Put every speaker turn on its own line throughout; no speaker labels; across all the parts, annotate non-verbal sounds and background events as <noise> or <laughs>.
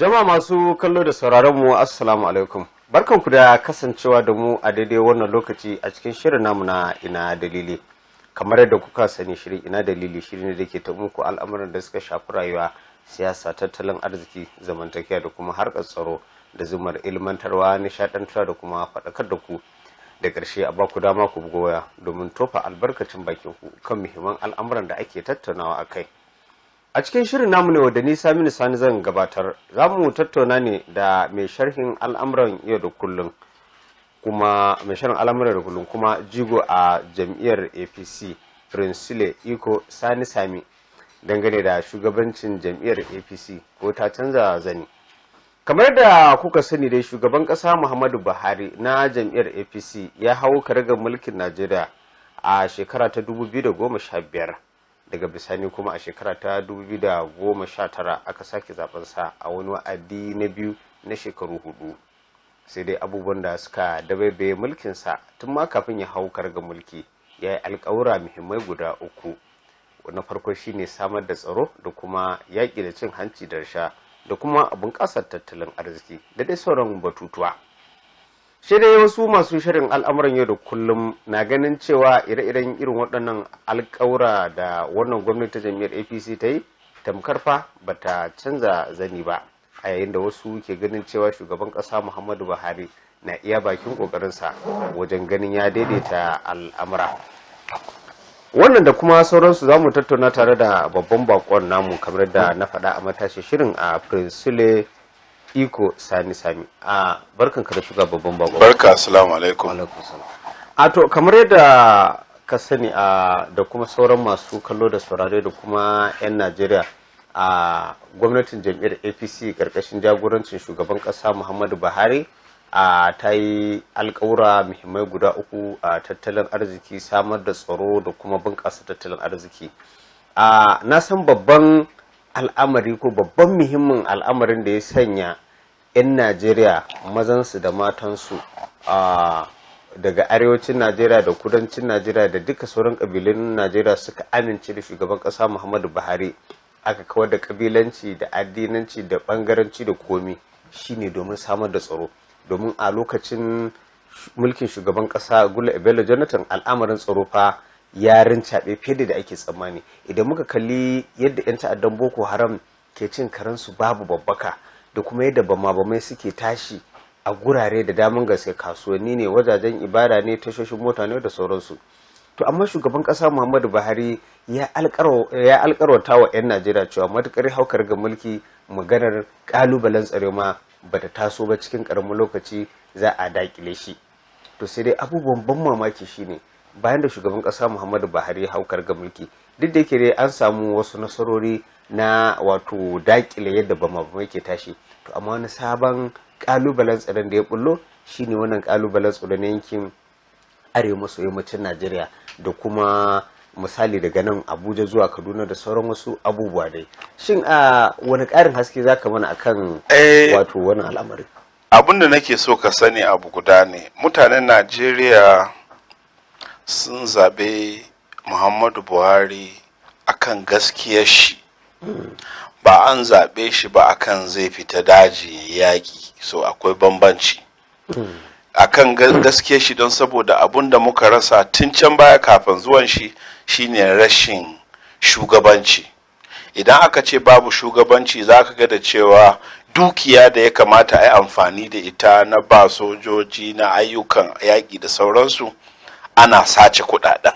Jama'a masu kallo da sauraron mu Assalamu alaikum. ku da kasancewa da mu a daidai wannan lokaci a cikin shirin namu na ina dalili. Kamar yadda kuka sani shirin ina dalili shiri ne da ke ta muku al'amuran da suka shafi rayuwa, siyasa, tattalin arziki, zamantakewa da kuma harkar tsaro da zumar ilmantarwa, nishadantarwa da kuma faɗakar da ku. Da ƙarshe a baku dama ku goya domin tofa albarkacin bakin ku kan muhimman al'amuran da ake tattaunawa a kai. a cikin shirin namu ne wadda ni Saminu Sani zan gabatar za mu tattauna ne da mai sharhin al'amuran yau da kullum kuma mai sharhin al'amuran da kullum kuma jigo a jam'iyyar APC Prinsile Iko Sani Sami dangane da shugabancin jam'iyyar APC ko ta canza zani kamar da kuka sani dai shugaban ƙasa muhammadu buhari na jam'iyyar apc ya hau karagar mulkin najeriya a shekara ta 2015 daga bisani kuma a shekara ta 2019 aka sake zabensa a wani wa'adi na biyu na shekaru hudu sai dai abubuwan da suka dabaibaye sa tun ma kafin ya hau karga mulki ya yi alkawura muhimmai guda uku na farko shine samar da tsaro da kuma yaƙi da cin hanci da rasha da kuma abin ƙasar tattalin arziki da dai sauran batutuwa shi dai wasu masu shirin al'amuran yau da kullum na ganin cewa ire-iren irin waɗannan alƙawura da wannan gwamnati ta jam'iyyar apc ta yi tamkar fa ba ta canza zani ba a yayin da wasu ke ganin cewa shugaban ƙasa muhammadu buhari na iya bakin ƙoƙarinsa wajen ganin ya daidaita al'amura wannan da kuma sauransu za mu tattauna tare da babban baƙon namu kamar da na faɗa a matashi shirin a prince iko sani sani a barkan ka da shiga babban bako barka assalamu alaikum a to kamar yadda ka sani a da kuma sauran masu kallo da saurare da kuma 'yan najeriya a gwamnatin jam'iyyar apc karkashin jagorancin shugaban kasa muhammadu buhari a ta yi alkawura muhimmai guda uku a tattalin arziki samar da tsaro da kuma bunƙasa tattalin arziki a na san babban al'amari ko babban muhimmin al'amarin da ya sanya 'yan najeriya mazansu da matansu daga arewacin najeriya da kudancin najeriya da duka sauran kabilun najeriya suka amince da shugaban kasa muhammadu buhari aka kawar da kabilanci da addinanci da bangaranci da komi shine domin samar da tsaro domin a lokacin mulkin shugaban kasa gula bello jonathan al'amarin tsaro fa ya caɓe fiye da ake tsammani idan muka kalli yadda 'yan ta'addan boko haram ke cin karensu babu babbaka da kuma yadda bama-bamai suke tashi a gurare da daman gaske kasuwanni ne wajajen ibada ne tashoshin mota ne da sauransu to amma shugaban kasa muhammadu buhari ya alkarwata wa 'yan najeriya cewa matukar haukar ga mulki maganar kalubalen tsaro ma bata taso ba cikin karamin lokaci za a dakile shi to sai dai abubuwan ban mamaki shine bayan da shugaban ƙasa muhammadu buhari haukar ga mulki duk da yake dai an samu wasu nasarori na wato dakile yadda bamabamai ke tashi to amma wani sabon kalubalen tsaron da ya bullo shine wannan kalubalen tsaro na yankin arewa maso yammacin najeriya da kuma misali daga nan abuja zuwa kaduna da sauran wasu abubuwa dai shin a wani ƙarin haske zaka mana akan eh, wato wani al'amari
abin da nake so ka sani abu guda ne mutanen najeriya sun zaɓe muhammadu buhari akan gaskiyar shi ba an zaɓe shi ba akan zai fita daji yaƙi so akwai bambanci akan gaskiyar shi don saboda abun da muka rasa tun can baya kafin zuwan shi shine rashin shugabanci idan aka ce babu shugabanci za ka ga da cewa dukiya da ya kamata a yi amfani da ita na ba sojoji na ayyukan yaƙi da sauransu ana sace kudaden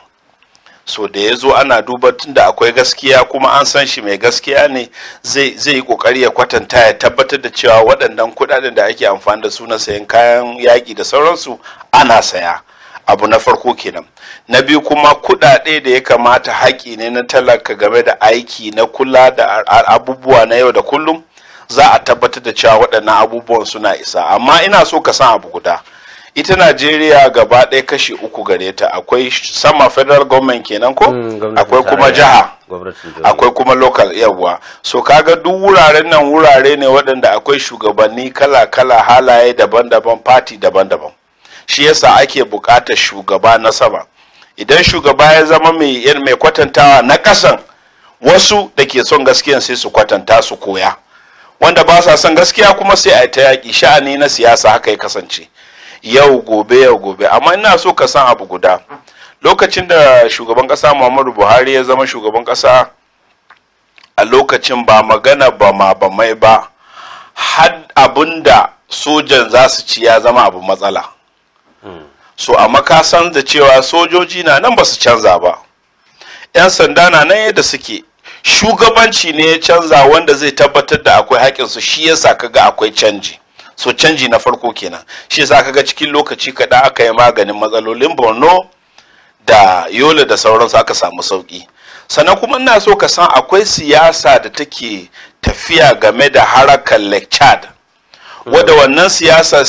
so da ya zo ana duba tunda akwai gaskiya kuma an san shi mai gaskiya ne zai yi kokari ya kwatanta ya tabbatar da cewa waɗannan kudaden da ake amfani da su na sayan kayan yaƙi da sauransu ana saya abu na farko kenan na biyu kuma kudade da ya kamata haƙi ne na talaka game da aiki na kula da abubuwa na yau da kullum za a tabbatar da cewa waɗannan abubuwan suna isa amma ina so ka san abu guda ita najeriya gaba ɗaya kashi uku gare ta akwai sama federal government kenan ko mm, akwai kuma jiha akwai kuma local yawwa so kaga duk wuraren nan wurare ne waɗanda akwai shugabanni kala-kala halaye daban-daban party daban-daban shi yasa ake buƙatar shugaba na sama idan shugaba ya zama mai kwatantawa na ƙasan wasu da ke son gaskiyan sai su kwatanta su koya wanda ba sa son gaskiya kuma sai a yi ta yaƙi sha'ani na siyasa haka ya kasance yau gobe yau gobe amma ina so ka san abu guda lokacin da shugaban kasa muhammadu buhari ya zama shugaban kasa a lokacin ba magana ba ma ba mai ba had abinda sojan za su ci ya zama abu matsala so amma ka san da cewa sojoji na nan ba su canza ba 'yan sanda na nan yadda suke shugabanci ne ya canza wanda zai tabbatar da akwai haƙinsu shi yasa kaga akwai canji so canji na farko kenan shi yasa aka ga cikin lokaci kada aka yi maganin matsalolin borno da yola da sauransu aka samu sauki sannan kuma ina so ka san akwai siyasa da take tafiya game da harakar chad wadda mm. wannan siyasa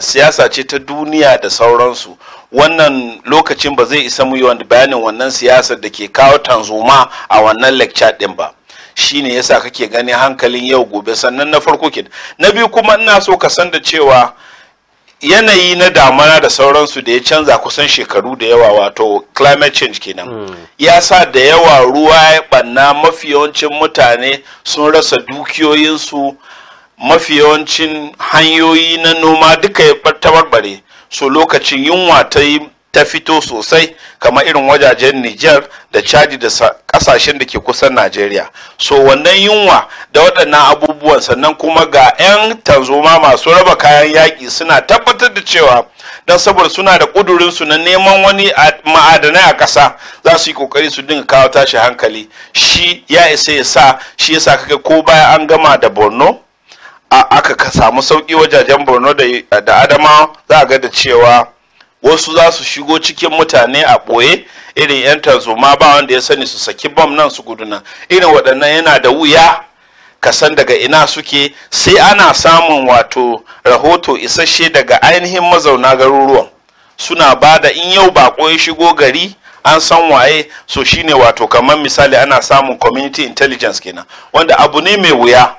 siyasa ce ta duniya da sauransu wannan lokacin ba zai isa mu yi bayanin wannan siyasar da ke kawo tanzuma a wannan chad din ba shine yasa kake gani hankalin yau gobe sannan na farko ke na biyu kuma ina so ka san da cewa yanayi na damana da sauransu da ya canza kusan shekaru da yawa wato climate change kenan mm. ya sa da yawa ruwa ya banna mafi yawancin mutane sun rasa dukiyoyinsu mafi yawancin hanyoyi na noma duka ya tabarbare so lokacin yunwa ta yi ta fito sosai kamar irin wajajen Nijar da Chadi da kasashen da ke kusan Najeriya. So wannan yunwa da waɗannan abubuwan sannan kuma ga 'yan tanzoma masu raba kayan yaƙi suna tabbatar da cewa don saboda suna da ƙudurinsu na neman wani ma'adanai a ƙasa za su yi ƙoƙari su dinga kawo tashi hankali. Shi ya isa ya sa shi yasa kaga ko baya an gama da Borno aka samu sauƙi wajajen Borno da Adamawa za a ga da cewa wasu za su shigo cikin mutane a ɓoye irin 'yan tarzoma ba wanda ya sani su saki bam nan su guduna irin waɗannan yana da wuya ka san daga ina suke sai ana samun wato rahoto isasshe daga ainihin mazauna garuruwan suna ba da in yau ba ya shigo gari an san waye so shine wato kamar misali ana samun community intelligence kenan wanda abu ne mai wuya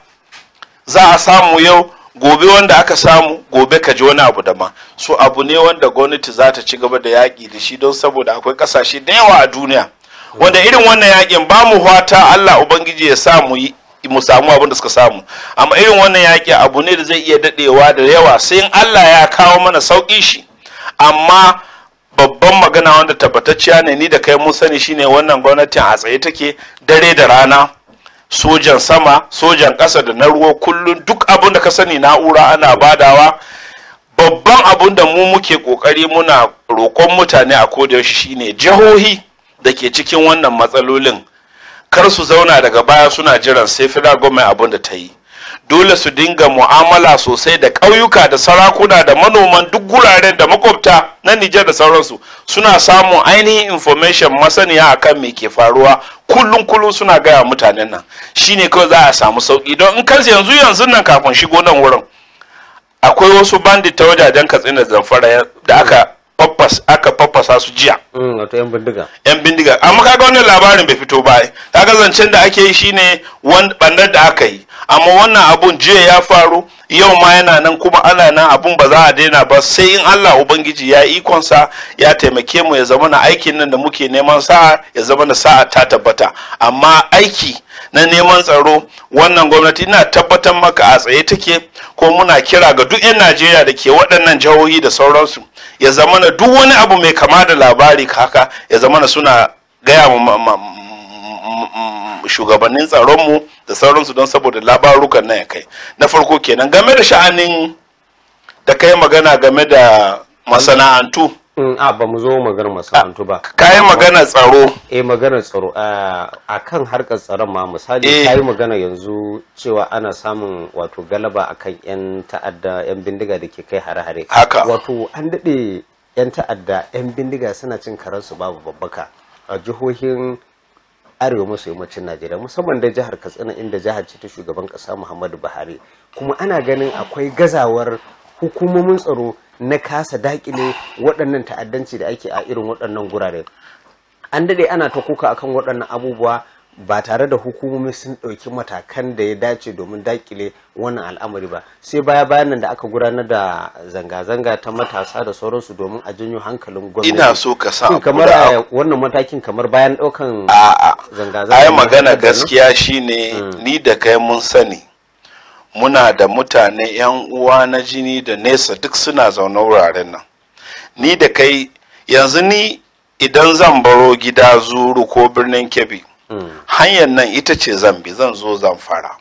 za a samu yau gobe wanda aka samu gobe ka ji wani abu daban so abu ne wanda gwamnati za ta ci gaba da yaƙi da shi don saboda akwai ƙasashe da yawa a duniya wanda irin wannan yaƙin ba mu fata Allah ubangiji ya samu yi mu samu abin da suka samu amma irin wannan yaƙi abu ne da zai iya daɗewa da yawa sai in Allah ya kawo mana sauƙi shi amma babban magana wanda tabbatacciya ne ni da kai mun sani shine wannan gwamnatin a tsaye take dare da rana sojan sama sojan ƙasa da na ruwa kullum duk abin da ka sani na'ura ana badawa babban abin da mu muke ƙoƙari muna roƙon mutane a yaushe shine jihohi da ke cikin wannan matsalolin kar su zauna daga baya suna jiran sai federal government abin da ta yi dole su dinga mu'amala sosai da ƙauyuka da sarakuna da manoman duk guraren da makwabta na Nijar da sauransu suna samun ainihin information masaniya akan me ke faruwa kullum kullum suna gaya mutanen nan shine kawai za a samu sauki don in kansu yanzu yanzu nan kafin shigo nan wurin akwai wasu bandit ta wajajen katsina zamfara da aka Papas, aka faffasa su jiya
mm, wato yan bindiga
yan bindiga amma kaga wannan labarin bai fito ba kaga zancen da ake yi shine wani bannar da aka yi amma wannan abun jiya ya faru yau ma yana nan kuma ana nan abun ba za a daina ba sai in Allah ubangiji ya ikonsa ya taimake mu ya zama na aikin nan da muke neman sa'a ya zama na sa'a ta tabbata amma aiki na neman tsaro wannan gwamnati ina tabbatar maka a tsaye take ko muna kira ga duk 'yan najeriya da ke waɗannan jihohi da sauransu ya zama na duk wani abu mai kama da labari haka ya zama na suna gaya Mm, shugabannin tsaronmu da sauransu don saboda labarukan nan ya kai na farko kenan game da sha'anin da kai magana game da masana'antu
mm, a ba mu zo magana masana'antu ba kayi magana tsaro eh magana tsaro a kan harkar tsaron ma misali eh. kayi magana yanzu cewa ana samun wato galaba akan yan ta'adda yan bindiga da ke kai hare-hare haka wato an daɗe yan ta'adda yan bindiga suna cin karansu babu babbaka a jihohin arewa maso yammacin najeriya musamman da jihar katsina inda jihar ce ta shugaban kasa muhammadu buhari kuma ana ganin akwai gazawar hukumomin tsaro na kasa dakile waɗannan ta'addanci da ake a irin waɗannan gurare an daɗe ana ta kuka akan waɗannan abubuwa ba tare da hukumomi sun ɗauki matakan da ya dace domin dakile wannan al'amari ba sai baya bayanan da aka gudanar da zanga-zanga ta matasa da sauransu domin a janyo hankalin gwamnati ina so ka sa kamar wannan matakin kamar bayan ɗaukan
zanga-zanga ai magana gaskiya shine hmm. ni da kai mun sani muna da mutane yan uwa na jini da nesa duk suna zaune wuraren nan ni da kai yanzu ni idan zan baro gida zuru ko birnin kebbi hanyar nan ita ce zambi zan zo zan fara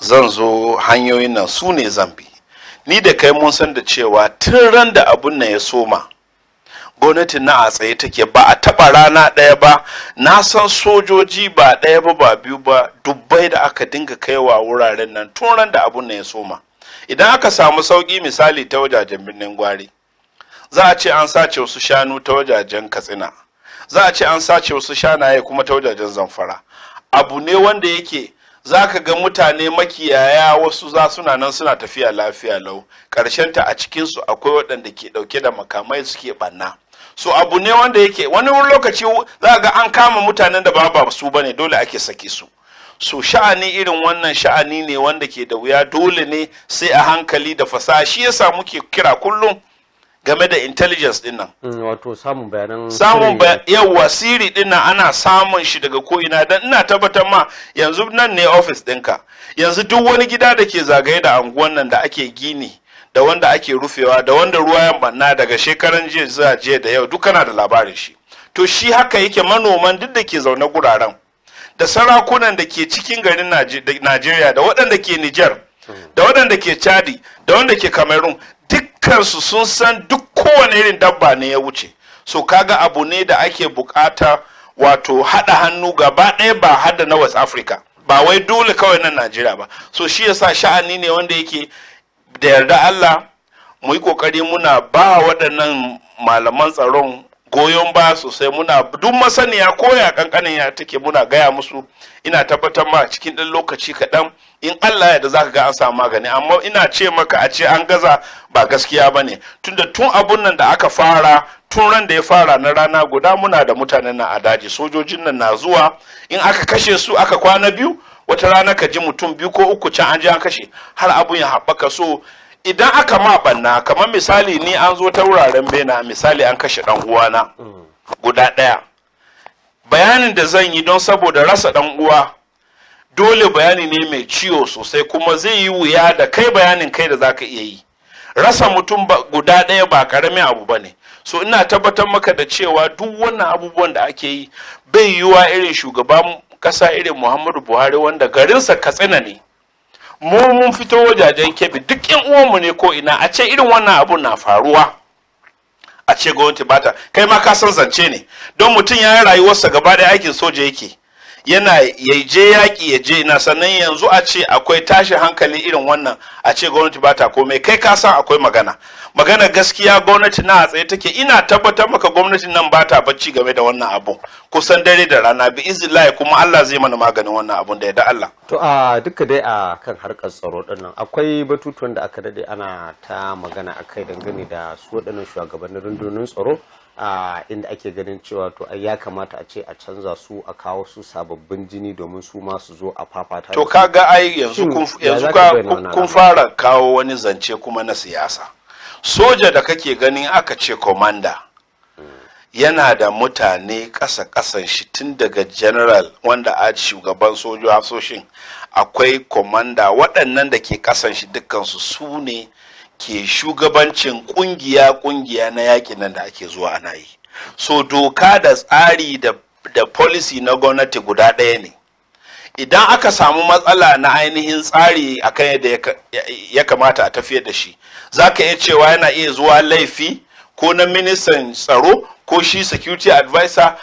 zan zo hanyoyin nan su ne zambi ni da kai mun san da cewa tun ran da abun nan ya soma gwamnati na a tsaye take ba a taba rana ɗaya ba na san sojoji ba ɗaya ba ba biyu ba dubbai da aka dinga kaiwa wuraren nan tun ran da abun nan ya soma idan aka samu sauki misali ta wajajen birnin gwari za a ce an sace wasu shanu ta wajajen katsina za a ce an sace wasu shanaye kuma ta wajajen zamfara abu ne wanda yake za ka ga mutane makiyaya wasu za suna nan suna tafiya lafiya lau ta a cikinsu akwai waɗanda ke ɗauke da makamai suke ɓanna so abu ne wanda yake wani lokaci za ga an kama mutanen da ba su ba ne dole ake sake su so sha'ani irin wannan sha'ani ne wanda ke da wuya dole ne sai a hankali da fasaha shi yasa muke kira kullum game da intelligence dinnan
nan mm, wato samun bayanan samun
yawa siri din ana samun shi daga ko'ina dan ina tabbatar ma yanzu nan ne office ɗinka yanzu duk wani gida da ke zagaye da anguwan nan da ake gini da wanda ake rufewa da wanda ruwa ya banna daga shekaran jiya zuwa jiya da yau duk kana da labarin shi to shi haka yake manoman duk da ke zaune guraren da sarakunan da ke cikin garin Najeriya da waɗanda ke Niger mm. da waɗanda ke Chadi da wanda ke Cameroon kansu sun san duk kowane irin dabba ne ya wuce so kaga abu ne da ake bukata wato hada hannu gaba ɗaya ba hada na west africa ba wai dole kawai na najeriya ba so shi yasa sha'ani ne wanda yake da yarda allah mu yi kokari muna ba waɗannan malaman tsaron goyon ba sosai muna duk masaniya koya ya kankanin ya take muna gaya musu ina tabbatar ma cikin ɗan lokaci kaɗan in Allah ya da za ga an samu magani amma ina ce maka a ce an gaza ba gaskiya ba ne tunda tun abun nan da aka fara tun ran da ya fara na rana guda muna da mutanen na a daji sojojin nan na zuwa in aka kashe su aka kwana biyu wata rana ka ji mutum biyu ko uku can an ji an kashe har abun ya haɓaka so idan aka ma banna kamar misali ni an zo ta wuraren bena misali an kashe dan uwana guda ɗaya bayanin da zan yi don saboda rasa dan uwa dole bayani ne mai ciwo sosai kuma zai yi wuya da kai bayanin kai da zaka iya yi rasa mutum guda ɗaya ba karamin abu bane ne so ina tabbatar maka da cewa duk wannan abubuwan da ake yi bai yiwuwa irin shugaban kasa irin muhammadu buhari wanda garinsa katsina ne mu mun fito wajajen kebi duk yan uwanmu ne ko ina a ce irin wannan abu na faruwa a ce gwamnati bata kai ma ka san zance ne don mutum ya yi rayuwarsa gaba da aikin soja yake yana ya je yaƙi ya je na sannan yanzu a ce akwai tashin hankali irin wannan a ce gwamnati ba ta komai kai ka san akwai magana magana gaskiya gwamnati na tsaye take ina tabbatar maka gwamnati nan ba ta bacci game da wannan abu kusan dare da rana bi izillahi kuma Allah zai mana maganin wannan abun da da Allah
to a
duka dai a kan harkar tsaro nan akwai batutuwan da aka dade ana ta magana akai dangane da su waɗannan shugabannin rundunar tsaro inda ake ganin cewa to ya kamata a ce a canza su a kawo su sababbin jini domin su ma su zo a fafata to kaga ai yanzu kun fara
kawo wani zance kuma na siyasa soja da kake ganin aka ce commander yana da mutane ƙasa ƙasan shi tun daga general wanda a shugaban sojo hafsoshin akwai kwamanda waɗannan da ke ƙasan shi dukkansu su ne ke shugabancin kungiya-kungiya na yakin nan da ake zuwa ana yi so doka da tsari da, da policy na gwamnati guda ɗaya ne idan aka samu matsala na ainihin tsari akan yadda ya kamata a tafiyar da shi za ka iya cewa yana iya zuwa laifi ko na ministan tsaro ko shi security advisor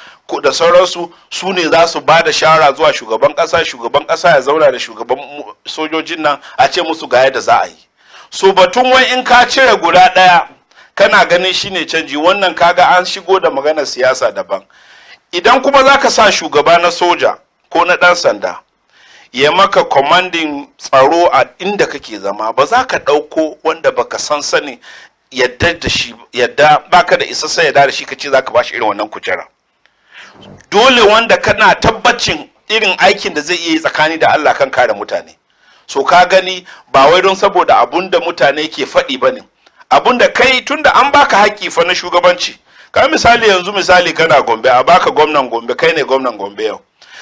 da sauransu su ne za su ba da shawara zuwa shugaban ƙasa shugaban ƙasa ya zauna da shugaban sojojin nan a ce musu ga yadda za a yi so batun wai in ka cire guda ɗaya kana ganin shine canji wannan kaga an shigo da magana siyasa daban idan kuma za ka sa shugaba na soja ko na ɗan sanda ya maka kwamandin tsaro a inda kake zama ba za ka ɗauko wanda baka san sani yadda da shi yadda baka da isassa yadda da shi ka ce za ka bashi irin wannan kujera dole wanda kana tabbacin irin aikin da zai iya tsakani da Allah kan kare mutane so ka gani ba wai don saboda abun da mutane ke faɗi ba ne abun da kai tunda an baka haƙƙi fa na shugabanci ka misali yanzu misali kana gombe a baka gwamnan gombe kai ne gwamnan gombe yau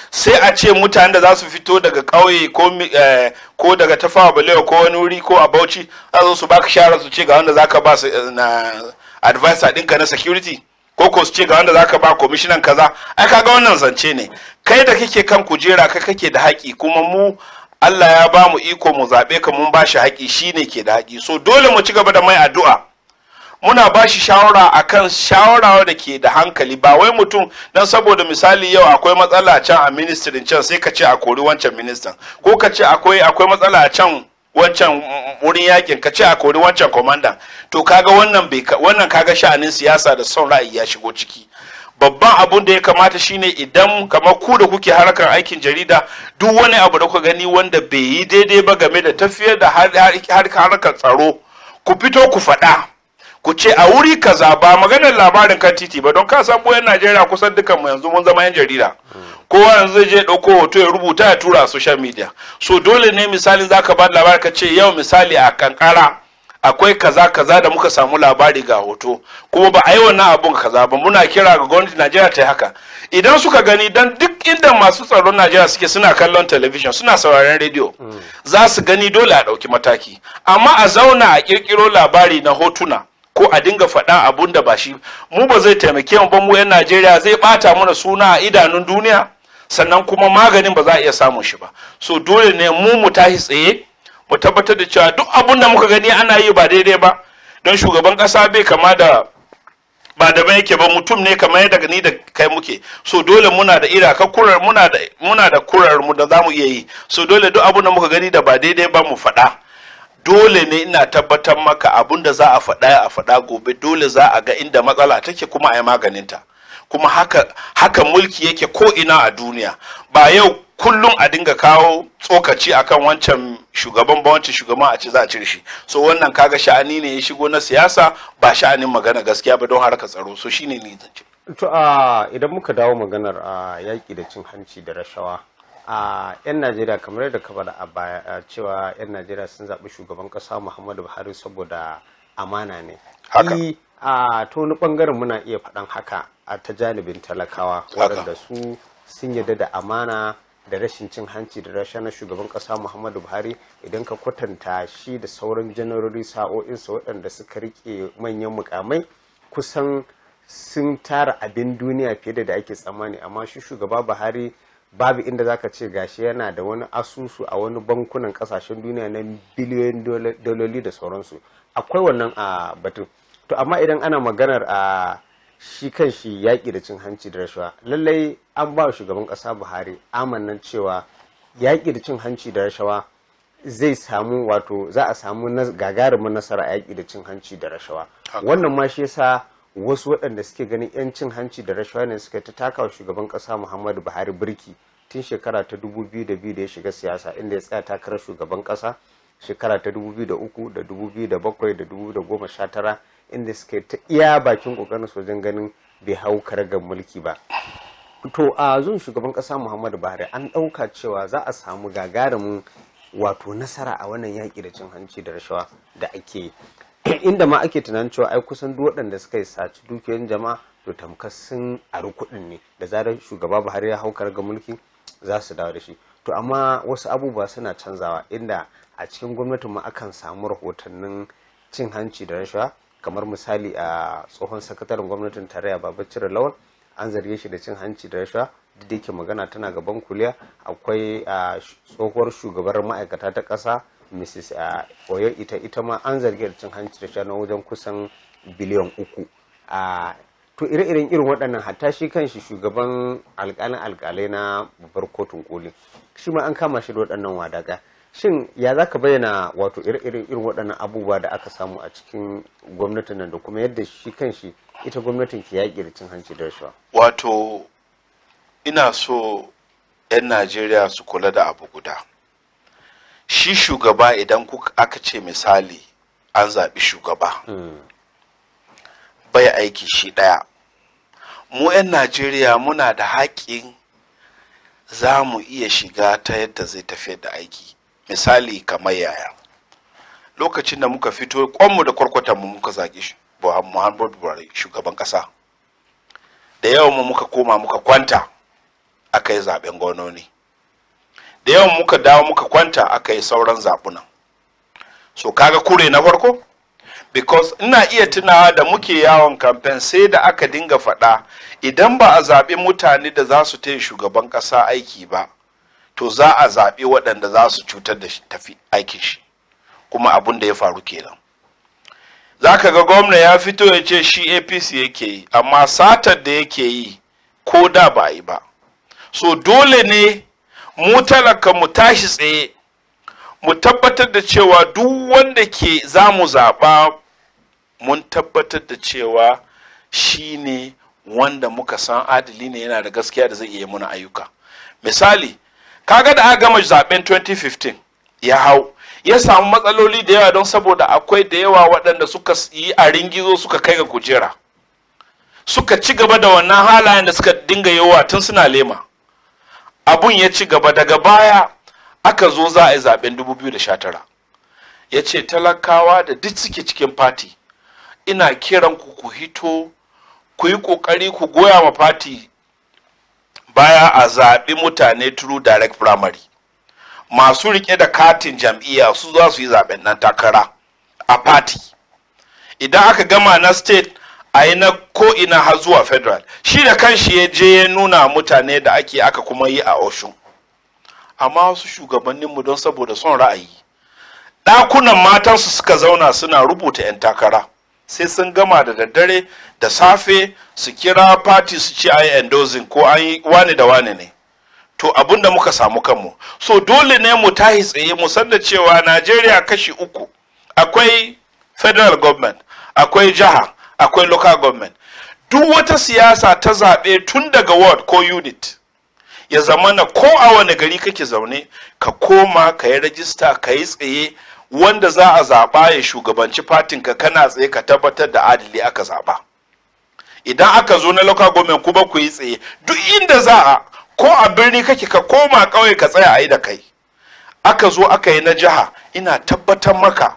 sai a ce mutane da za su fito daga ƙauye eh, ko daga tafawa balewa ko wani wuri ko a bauchi za su su baka shara su ce ga wanda zaka ba su eh, na advisor ɗinka na security ko ko su ce ga wanda zaka ba komishinan kaza ai kaga wannan zance ne kai da kake kan kujera ka kake da haƙi kuma mu Allah ya ba mu iko mu zaɓe ka mun ba shi haƙi shi ne ke da haƙi so dole mu ci gaba da mai addu'a muna ba shi shawara akan shawara da ke da hankali ba wai mutum don saboda misali yau akwai matsala a can a ministerin can sai ka ce a kori wancan ministan ko ka ce akwai akwai matsala a can wancan wurin yakin ka ce a kori wancan kwamandan to kaga wannan bai wannan kaga sha'anin siyasa da son ra'ayi ya shigo ciki babban abun da ya kamata shine idan kamar ku da kuke harkar aikin jarida duk wani abu da kuka gani wanda bai yi daidai ba game da tafiyar da harkar tsaro ku fito ku faɗa ku ce a wuri kaza ba maganar labarin kan titi ba don ka san boyan najeriya kusan dukan mu yanzu mun zama yan jarida kowa yanzu zai je dauko hoto ya rubuta ya tura a social media so dole ne misali zaka ba labarin ka ce yau misali a kankara akwai kaza kaza da muka samu labari ga hoto kuma ba a yi wannan abun kaza ba muna kira ga gwamnati najeriya ta yi haka idan suka gani dan duk inda masu tsaron najeriya suke suna kallon talabijin suna sauraron rediyo mm. za su gani dole a ɗauki mataki amma a zauna a ƙirƙiro labari na hotuna ko a dinga faɗa abun da ba shi mu ba zai taimake mu ba mu 'yan najeriya zai ɓata mana suna a idanun duniya sannan kuma maganin ba za a iya samun shi ba so dole ne mu mu tashi tsaye mu tabbatar da cewa duk abun da muka gani ana yi ba daidai ba don shugaban kasa bai kama da ba da bai yake ba mutum ne kamar yadda ni da kai muke so dole muna da ira ka kurar muna da muna da kurar mu da zamu iya yi so dole duk abun da muka gani da ba daidai ba mu faɗa dole ne ina tabbatar maka abun da za a faɗa a faɗa gobe dole za a ga inda matsala take kuma a yi maganinta kuma haka, haka mulki yake ko ina a duniya ba yau kullum a dinga kawo tsokaci akan wancan shugaban ba wancan shugaban a ci za a cire shi so wannan kaga sha'ani ne ya shigo na siyasa ba sha'anin magana gaskiya ba don harkar tsaro so shine ne zance
to idan muka dawo maganar a yaƙi da cin hanci da rashawa a yan najeriya kamar yadda ka faɗa a baya cewa yan najeriya sun zaɓi shugaban ƙasa muhammadu buhari saboda amana ne haka a ta wani bangaren muna iya faɗan haka a ta janibin talakawa waɗanda su sun yarda da amana da rashin cin hanci da rasha na shugaban ƙasa muhammadu buhari idan ka kwatanta shi da sauran janarori sa'o'insa waɗanda suka rike manyan mukamai kusan sun tara abin duniya fiye da ake tsammani amma shi shugaba buhari babu inda za ka ce gashi yana da wani asusu a wani bankunan kasashen duniya na biliyoyin dololi da sauransu akwai wannan a batun to amma idan ana maganar a shi kan shi yaƙi da cin hanci da rashawa lallai an ba shugaban ƙasa buhari amannan cewa yaƙi da cin hanci da rashawa zai samu wato za a samu gagarumin nasara a yaƙi da cin hanci da rashawa wannan ma shi yasa wasu waɗanda suke ganin 'yan cin hanci da rashawa ne suka ta taka wa shugaban ƙasa muhammadu buhari birki tun shekara ta 2002 da ya shiga siyasa inda ya tsaya takarar shugaban ƙasa shekara ta 2003 da 2007 da 2019 inda suka ta iya bakin kokarin wajen ganin bai hau karagar mulki ba to a zun shugaban kasa muhammadu buhari an ɗauka cewa za a samu gagarumin wato nasara a wannan yaƙi da cin hanci da rashawa da ake <clears throat> inda ma ake tunanin cewa ai kusan duk waɗanda suka yi saci dukiyoyin jama'a to tamkar sun a kuɗin ne da zarar shugaba buhari ya hau ga mulki za su dawo da shi to amma wasu abubuwa suna canzawa inda a cikin gwamnatin ma akan samu rahotannin cin hanci da rashawa kamar misali a tsohon sakataren gwamnatin tarayya babacin lawan an zarge shi da cin hanci da rashawa duk da yake magana tana gaban kuliya akwai a tsohuwar shugabar ma'aikata ta ƙasa mrs oyo ita ita ma an zarge da cin hanci da rashawa na wajen kusan biliyan uku a to ire-iren irin waɗannan hatta shi kanshi shugaban alƙalin alƙalai na babbar kotun koli shi ma an kama shi da waɗannan wadaga shin ya za ka bayyana wato ire-ire irin waɗannan abubuwa da aka samu a cikin gwamnatin nan da kuma yadda shi kan shi ita gwamnatin ke yaƙi da cin hanci da rashawa
wato ina so 'yan najeriya su kula da abu guda shi shugaba idan aka ce misali an zaɓi shugaba hmm. bai aiki shi ɗaya mu 'yan najeriya muna da haƙƙin za mu iya shiga ta yadda zai tafiyar da aiki misali kamar yaya lokacin da muka fito kwanmu da kwarkwatanmu muka zaki muhammadu buhari shugaban kasa da yawan mu muka koma muka kwanta aka yi zaben gononi da yawan muka dawo muka kwanta aka yi sauran zabunan so kaga kure na farko because ina iya tunawa da muke yawon kamfen sai da aka dinga faɗa idan ba a zaɓi mutane da za su taya shugaban ƙasa aiki ba to za a zaɓi waɗanda za su cutar da tafi aikin shi kuma abin da ya faru kenan za ka ga gwamna ya fito ya ce shi apc yake yi amma satar da yake yi ko da ba yi ba so dole ne mu talaka mu tashi tsaye mu tabbatar da cewa duk wanda ke za mu zaɓa mun tabbatar da cewa shi ne wanda muka san adali ne yana da gaskiya da zai iya muna ayyuka misali kaga da aka gama zaben 2015 ya hau ya samu matsaloli da yawa don saboda akwai da yawa waɗanda suka yi a ringizo suka kai ga kujera suka ci gaba da wannan halayen da suka dinga yawa tun suna lema abun ya ci gaba daga baya aka zo za a yi zaben 2019 ya ce talakawa da duk suke cikin fati ina kiran ku ku hito ku yi ƙoƙari ku goya ma fati baya a zaɓi mutane through direct primary masu riƙe da katin jam'iyya su za su yi zaɓen nan takara a party idan aka gama na state a yi na ko'ina har zuwa federal shi da kanshi ya je ya nuna mutane da ake aka kuma yi a oshun amma wasu shugabanninmu don saboda son ra'ayi ɗakunan matansu suka zauna suna rubuta 'yan takara sai sun gama da daddare da safe su kira party su ci ayi endozin ko an wane da wane ne to abin da muka samu kanmu so dole ne mu tahi tsaye mu san da cewa Najeriya kashi uku akwai federal government akwai jiha akwai local government duk wata siyasa ta zaɓe tun daga ward ko unit ya zama na ko a wani gari kake zaune ka koma ka yi rajista ka yi tsaye wanda za a zaɓa ya shugabanci fatin ka, kana tsaye ka tabbatar da adali aka zaɓa idan aka zo na local government kuma ku yi tsaye duk inda za a ko a birni kake ka koma ƙauye ka tsaya a yi da kai aka zo aka yi na jiha ina tabbatar maka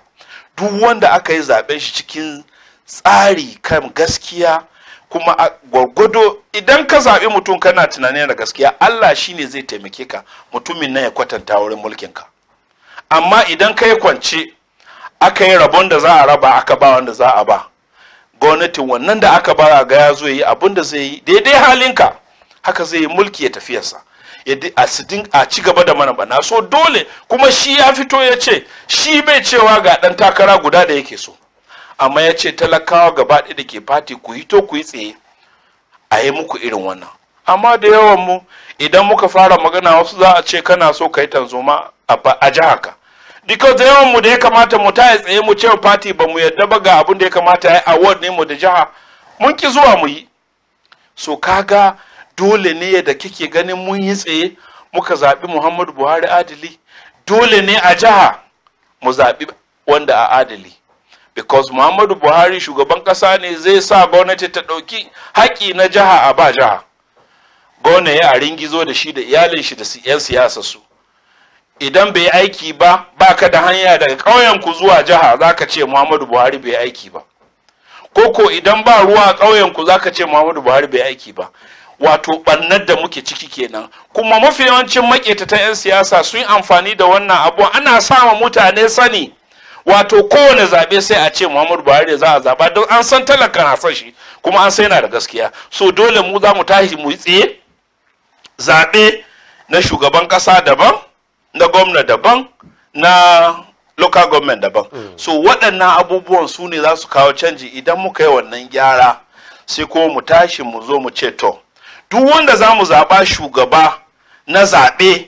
duk wanda aka yi zaɓen shi cikin tsari kan gaskiya kuma a gwargwado idan ka zaɓi mutum kana tunanin da gaskiya allah shine zai taimake ka mutumin na ya kwatanta wurin mulkinka amma idan ka yi kwance aka yi rabon da za a raba aka ba wanda za a ba gwamnatin wannan da aka bara ga ya zo yi abin da zai yi daidai halinka haka zai yi mulki ya tafiyarsa a ci gaba da mana bana so dole kuma shi ya fito ya ce shi bai cewa ga ɗan takara guda da yake so amma ya ce talakawa gaba ɗaya da ke fati ku yi to ku yi tsaye a yi muku irin wannan amma da yawan mu idan muka fara magana wasu za a ce kana so ka yi tanzoma a jihar ka because da yawan mu da ya kamata mu taya tsaye mu ce party ba mu yadda ba ga abin da ya kamata ya award ne mu da jiha mun ki zuwa mu yi so kaga dole ne da kike ganin mun yi tsaye muka zaɓi muhammadu buhari adili dole ne a jiha mu zaɓi wanda a adali because muhammadu buhari shugaban ƙasa ne zai sa gwamnati ta ɗauki haƙƙi na jiha a ba jiha gwamna ya a ringizo da shi da iyalin shi da 'yan siyasa su idan bai aiki ba baka da hanya daga ku zuwa jiha zaka ce Muhammadu Buhari bai aiki ba koko idan ba ruwa a ku zaka ce Muhammadu Buhari bai aiki ba wato bannar da muke ciki kenan kuma mafi yawancin ta 'yan siyasa sun yi amfani da wannan abu ana sama mutane sani wato kowane zaɓe sai a ce muhammadu buhari za a zaɓa don an san talaka na shi kuma an sai yana da gaskiya so dole mu za mu tashi mu tsaye zaɓe na shugaban ƙasa daban na gwamna daban na local government daban mm. so waɗannan abubuwan su ne za su kawo canji idan muka yi wannan gyara sai ko mu tashi mu zo mu ce to duk wanda za mu zaɓa shugaba na zaɓe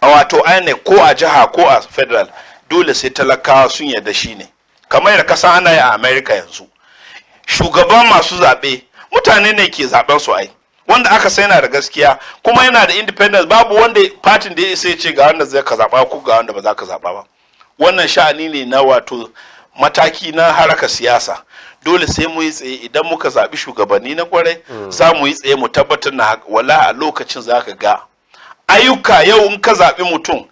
a wato inec ko a jiha ko a federal dole sai talakawa sun yarda shi ne kamar yadda kasa ana yi a america yanzu shugaban masu zaɓe mutane ne ke zaɓen su ai wanda aka sai yana da gaskiya kuma yana da independence babu wanda fatin da ya isa ya ce ga wanda zai ka zaɓa ko ga wanda ba za ka zaɓa ba wannan sha'ani ne na wato mataki na haraka siyasa dole sai mu yi tsaye idan muka zaɓi shugabanni na kwarai hmm. za mu yi tsaye mu tabbatar na wala a lokacin za ka ga ayyuka yau in ka zaɓi mutum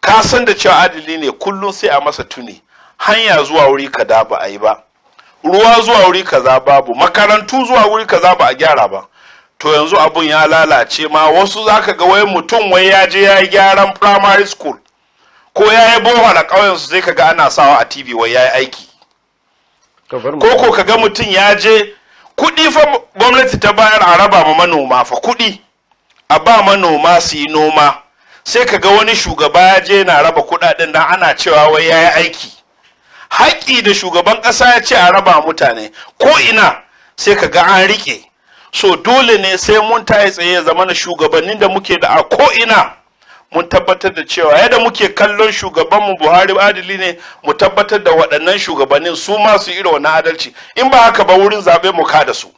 ka san da cewa adali ne kullum sai a masa tuni hanya zuwa wuri kaza ba a yi ba ruwa zuwa wuri kaza babu makarantu zuwa wuri kaza ba a gyara ba to yanzu abun ya lalace ma wasu zaka ga wai mutum wai ya je ya yi gyaran primary school ko ya yi bohol ƙauyen ƙauyensu sai kaga ana sawa a tv wai ya yi aiki ko ko kaga mutum ya je kuɗi fa gwamnati ta bayar a raba ma manoma fa kuɗi a ba manoma su yi noma sai kaga wani shugaba ya je na raba kuɗaɗen dan ana cewa wai ya yi aiki haƙƙi da shugaban ƙasa ya ce a raba mutane ko ina sai kaga an riƙe so dole ne sai mun yi tsaye zamana shugabannin da muke da a ko'ina mun tabbatar da cewa yadda muke kallon shugabanmu buhari adili ne mu tabbatar da waɗannan shugabannin su masu irin wani adalci in ba haka ba wurin zaɓe mu kada su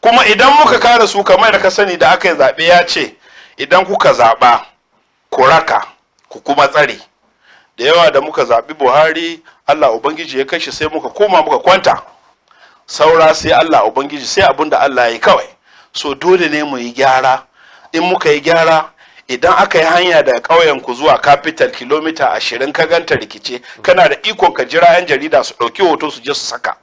kuma idan muka kada su kamar da ka sani da aka yi zaɓe ya ce idan kuka zaɓa ku raka ku kuma tsare da yawa da muka zaɓi buhari allah ubangiji ya kai sai muka koma muka kwanta saura sai allah ubangiji sai abin da allah ya yi kawai so dole ne mu yi gyara in muka yi gyara idan aka yi hanya daga ƙauyen ku zuwa capital kilomita ashirin ka ganta rikice kana da iko ka jira 'yan jarida su ɗauki hoto su je su saka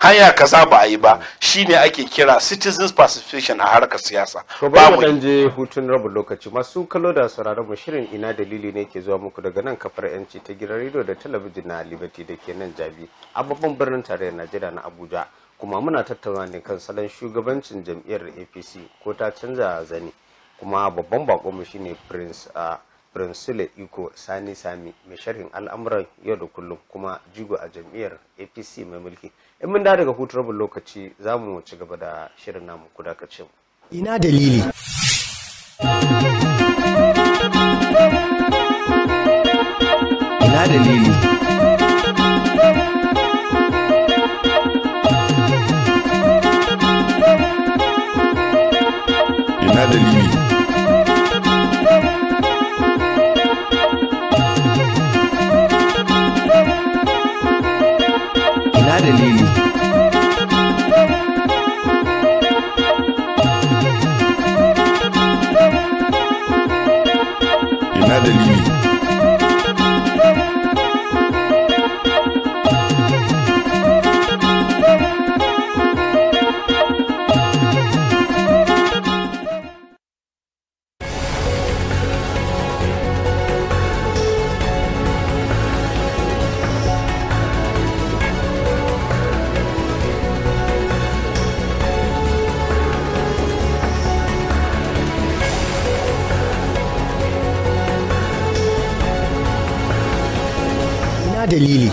hanya kaza ba a yi ba shine ake kira citizens participation a harkar siyasa ba mu dan
je hutun rabu lokaci masu kallo da sauraron mu shirin ina dalili ne ke zuwa muku daga nan kafar yanci ta gidan rediyo da talabijin na liberty da ke nan jabi a babban birnin tarayyar najeriya na abuja kuma muna tattauna ne kan salon shugabancin jam'iyyar apc ko ta canza zane kuma babban bakonmu shine prince a prince iko sani sami mai sharhin al'amuran yau da kullum kuma jigo a jam'iyyar apc mai mulki in mun da daga hutu rabin lokaci za mu ci gaba da shirin namu ku dakace ina dalili
ina dalili ina dalili ina dalili ina dalili dalili.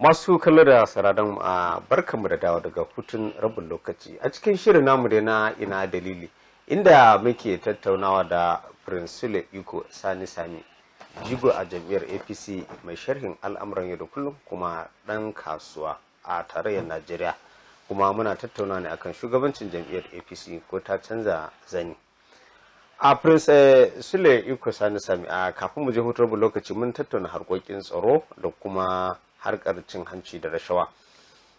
Masu kallo da saradan a barkanmu da dawa daga hutun rabin lokaci a cikin shirin namu da na ina dalili inda muke tattaunawa da Prince Iko Sani Sani jigo a Jami'ar apc mai sharhin al'amuran yau da kullum kuma ɗan kasuwa a tarayyar najeriya kuma muna tattauna ne akan shugabancin jam'iyyar apc ko ta canza zani a prince eh, sule iko sani sami a kafin mu je hutar mu lokaci mun tattauna harkokin tsaro da kuma harkar cin hanci da rashawa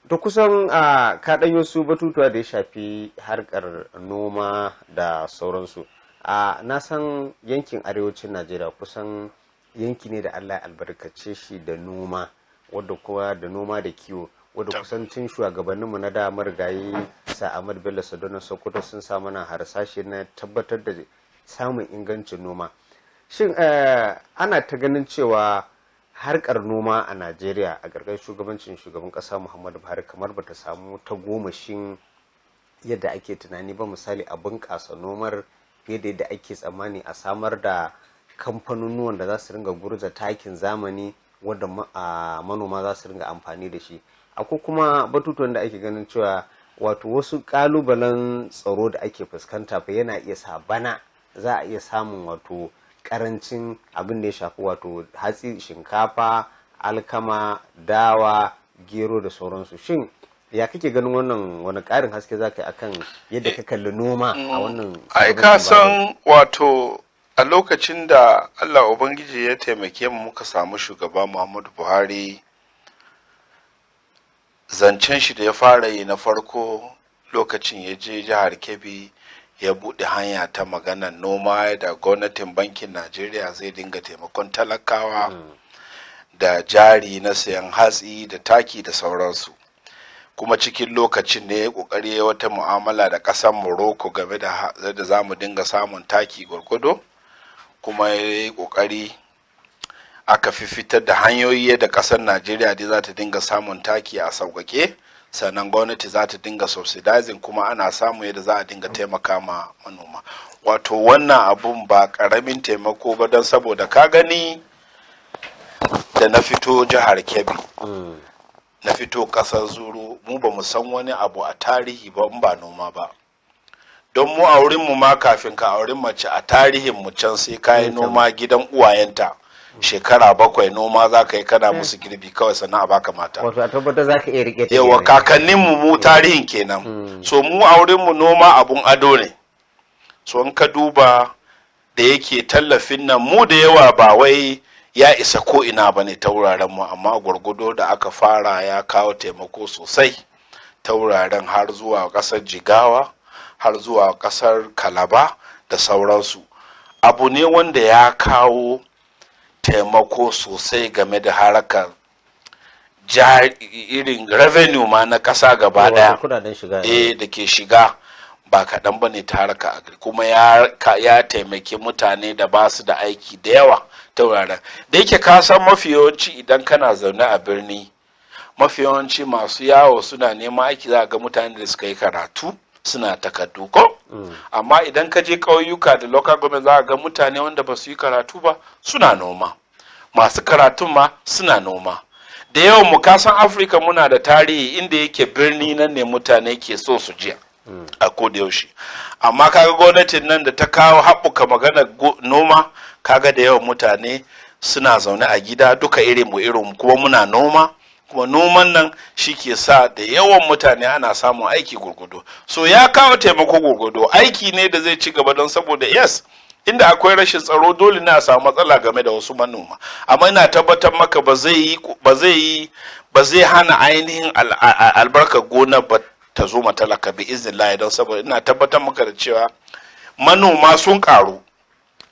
da kusan a kaɗan wasu batutuwa da ya shafi harkar noma da sauransu a na san yankin arewacin najeriya kusan yanki ne da allah albarkace shi da noma wadda kowa da noma da kiwo wadda shugabannin shugabanninmu na da marigayi sa ahmad bello sadona sokoto sun samu na harsashi na tabbatar da samun ingancin noma shin eh, ana ta ganin cewa harkar noma a najeriya a gargar shugabancin shugaban ƙasa muhammadu buhari kamar bata samu ta goma shin yadda ake tunani ba misali a bunƙasa nomar fiye da yadda ake tsammani a samar da kamfanonuwan da za su ringa gurza takin zamani wadda manoma za su ringa amfani da shi akwai kuma batutuwan da ake ganin cewa wato wasu kalubalen tsaro da ake fuskanta fa yana iya sa bana za a iya samun wato karancin abin da ya shafi wato hatsi shinkafa alkama dawa gero da sauransu shin ya kake ganin wannan wani karin haske za ka yi akan yadda ka kalli noma a mm. wannan ai ka san
wato a lokacin da allah ubangiji ya taimake mu muka samu shugaba muhammadu buhari zancen shi da ya fara yi na farko lokacin ya je jihar kebbi ya buɗe hanya ta magana noma da gwamnatin bankin najeriya zai dinga taimakon talakawa hmm. da jari na sayan hatsi da taki da sauransu kuma cikin lokacin ne ya kokari wata mu'amala da ƙasar morocco game da za mu dinga samun taki gwargwado kuma ya yi kokari aka fi fitar da hanyoyi da kasar najeriya da za ta dinga samun taki a sauƙaƙe sannan gwamnati za ta dinga subsidizing kuma ana samu yadda za a dinga taimaka ma manoma wato wannan abun ba ƙaramin taimako ba don saboda ka gani da na fito jihar kebbi mm. na fito ƙasar zuru mu ba mu san wani abu a tarihi ba in ba noma ba don mu a mu ma kafin ka a wurin mace a tarihin mu can sai yi eh, noma gidan uwayenta shekara bakwai noma za ka yi kana eh. musu girbi kawai sannan a baka mata
wato a tabbatar za ka iya rike ta yawa kakannin mu mu tarihin
kenan hmm. so mu a wurin mu noma abun ado ne so in ka duba da yake tallafin nan mu da yawa ba wai ya isa ko ina bane ta wuraren mu amma gwargwado da aka fara ya kawo taimako sosai ta har zuwa kasar jigawa har zuwa kasar kalaba da sauransu abu ne wanda ya kawo taimako sosai game da harakar irin revenue ma na kasa gaba daya eh, da ke shiga ba kaɗan ba ne ta harka agri kuma ya taimaki mutane da ba su da aiki da yawa ta wuraren da yake ka san mafi yawanci idan kana zaune a birni mafi yawanci masu yawo suna neman aiki za ga mutane da suka yi karatu suna takardu ko mm. amma idan ka je ƙauyuka da local government za ga mutane wanda ba su yi karatu ba suna noma masu karatun ma suna noma da yawan mu kasan afirka muna da tarihi inda yake birni nan ne mutane ke so su jiya mm. a yaushe amma kaga gwamnatin nan da ta kawo haɓuka maganar noma kaga da yawan mutane suna zaune a gida duka irin mu irin kuma muna noma kuma noman nan shi ke sa da yawan mutane ana samun aiki gurgudu so ya kawo taimako gurgudu aiki ne da zai ci gaba don saboda yes inda akwai rashin tsaro dole ne a samu matsala game da wasu manoma amma ina tabbatar maka ba zai yi ba zai hana ainihin albarka gona ba ta zo talaka bi iznillahi don saboda ina tabbatar maka da cewa manoma sun karu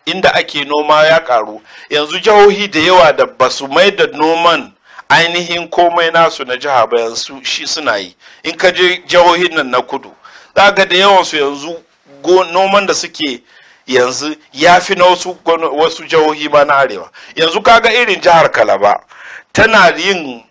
inda ake noma ya karu yanzu jihohi da yawa da ba su mai da noman ainihin komai nasu na jiha ba yanzu shi suna yi in ka je jihohin nan na kudu za ga da yawansu yanzu noman da suke yanzu ya fi na wasu, wasu jihohi ba na arewa yanzu kaga irin jihar kalaba tana yin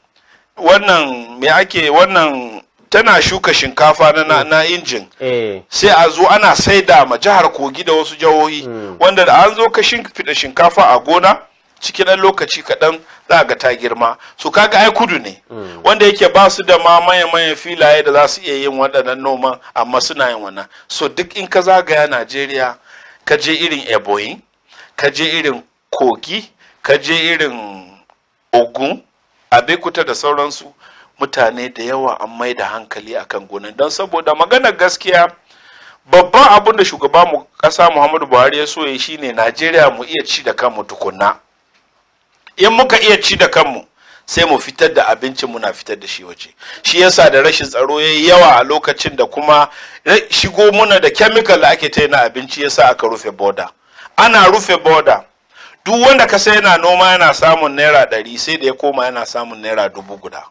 wannan me ake wannan tana shuka shinkafa na, na, injin eh. sai a zo ana saida ma jihar kogi da wasu jihohi mm. wanda da an zo ka shimfiɗa shinkafa a gona cikin ɗan lokaci kaɗan za ga ta girma su kaga ai kudu ne mm. wanda yake ba su da ma maye maye filaye da za su iya yin waɗannan noman amma suna yin wannan so duk in ka zagaya najeriya ka je irin ebonyi ka je irin kogi ka je irin ogun abekuta da sauransu mutane da yawa an mai da hankali akan gonan don saboda maganar gaskiya babban abin da shugaba mu kasa muhammadu buhari ya so ya shine najeriya mu iya ci da kanmu tukunna in muka iya ci da kanmu sai mu fitar da abincin muna fitar da shi waje shi yasa da rashin tsaro yayi yawa a lokacin da kuma shigo muna da chemical ake ta na abinci yasa aka rufe boda ana rufe boda duk wanda ka sai yana noma yana samun naira ɗari sai da ya koma yana samun naira dubu guda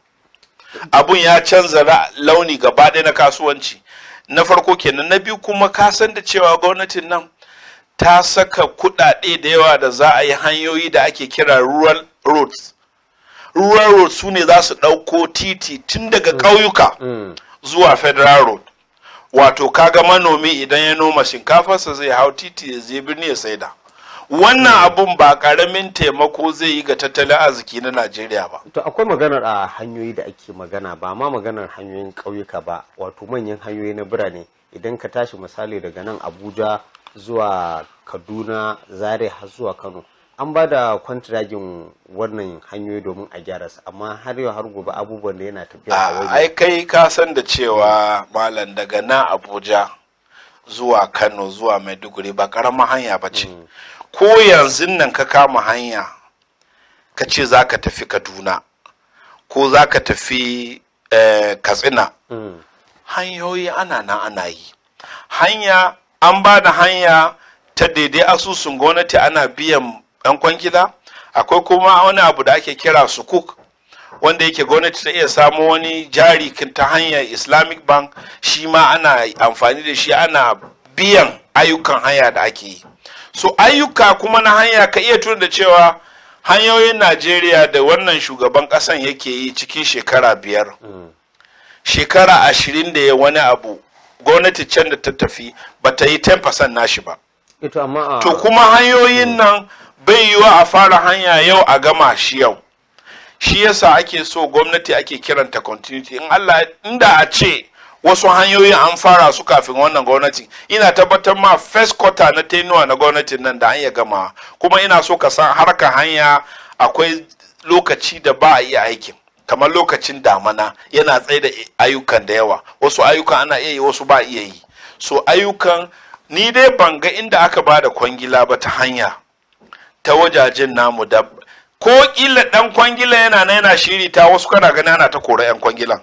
abun ya canza launi gaba ɗaya na kasuwanci na farko kenan na biyu kuma ka san da cewa gwamnatin nan ta saka kuɗaɗe da yawa da za a yi hanyoyi da ake kira rural roads rural road su ne za su ɗauko titi tun daga mm. ƙauyuka mm. zuwa federal road wato kaga manomi idan ya noma shinkafarsa zai hau titi ya je birni ya saida wannan mm. abun ba karamin taimako zai yi ga tattalin arziki na najeriya ba
to akwai maganar a ah, hanyoyi da ake magana ba ma maganar hanyoyin ƙauyuka ba wato manyan hanyoyi na birane idan ka tashi misali daga nan abuja zuwa kaduna zare har zuwa kano an ba da kwantiragin wannan hanyoyi domin a gyara su amma har yau har gobe abubuwan da yana tafiya a wajen ai kai ka
san da cewa malam daga na abuja zuwa kano zuwa maiduguri ba karamar hanya ba ce mm. ko yanzu nan ka kama hanya ka ce za ka tafi kaduna ko za ka tafi eh, katsina mm. hanyoyi ana na, ana yi hanya an ba da hanya ta daidai asusun gwamnati ana biyan 'yan kwangila akwai kuma wani abu da ake kira su sukuk wanda yake gwamnati ta iya samo wani jari ta hanyar islamic bank shi ma ana amfani da shi ana biyan ayyukan hanya da ake yi so ayyuka kuma na hanya ka iya tuna da cewa hanyoyin najeriya da wannan shugaban kasan yake yi cikin shekara biyar shekara ashirin da ya wani abu gwamnati can da ta tafi ba ta yi 10% nashi ba to kuma hanyoyin nan bai yiwa a fara hanya yau a gama shi yau shi yasa ake so gwamnati ake kiranta continuity in Allah inda a ce wasu hanyoyi an fara su kafin wannan gwamnati ina tabbatar ma first quarter na tenuwa na gwamnatin nan da an ya gama kuma ina so ka san harkar hanya akwai lokaci da ba a iya aikin kamar lokacin damana yana tsaye da ayyukan da yawa wasu ayyukan ana iya yi wasu ba iya yi so ayyukan ni dai ban ga inda aka ba da kwangila ba ta hanya ta wajajen namu da ko kila dan kwangila yana na yana shiri ta wasu kana gani ana ta kora yan kwangilan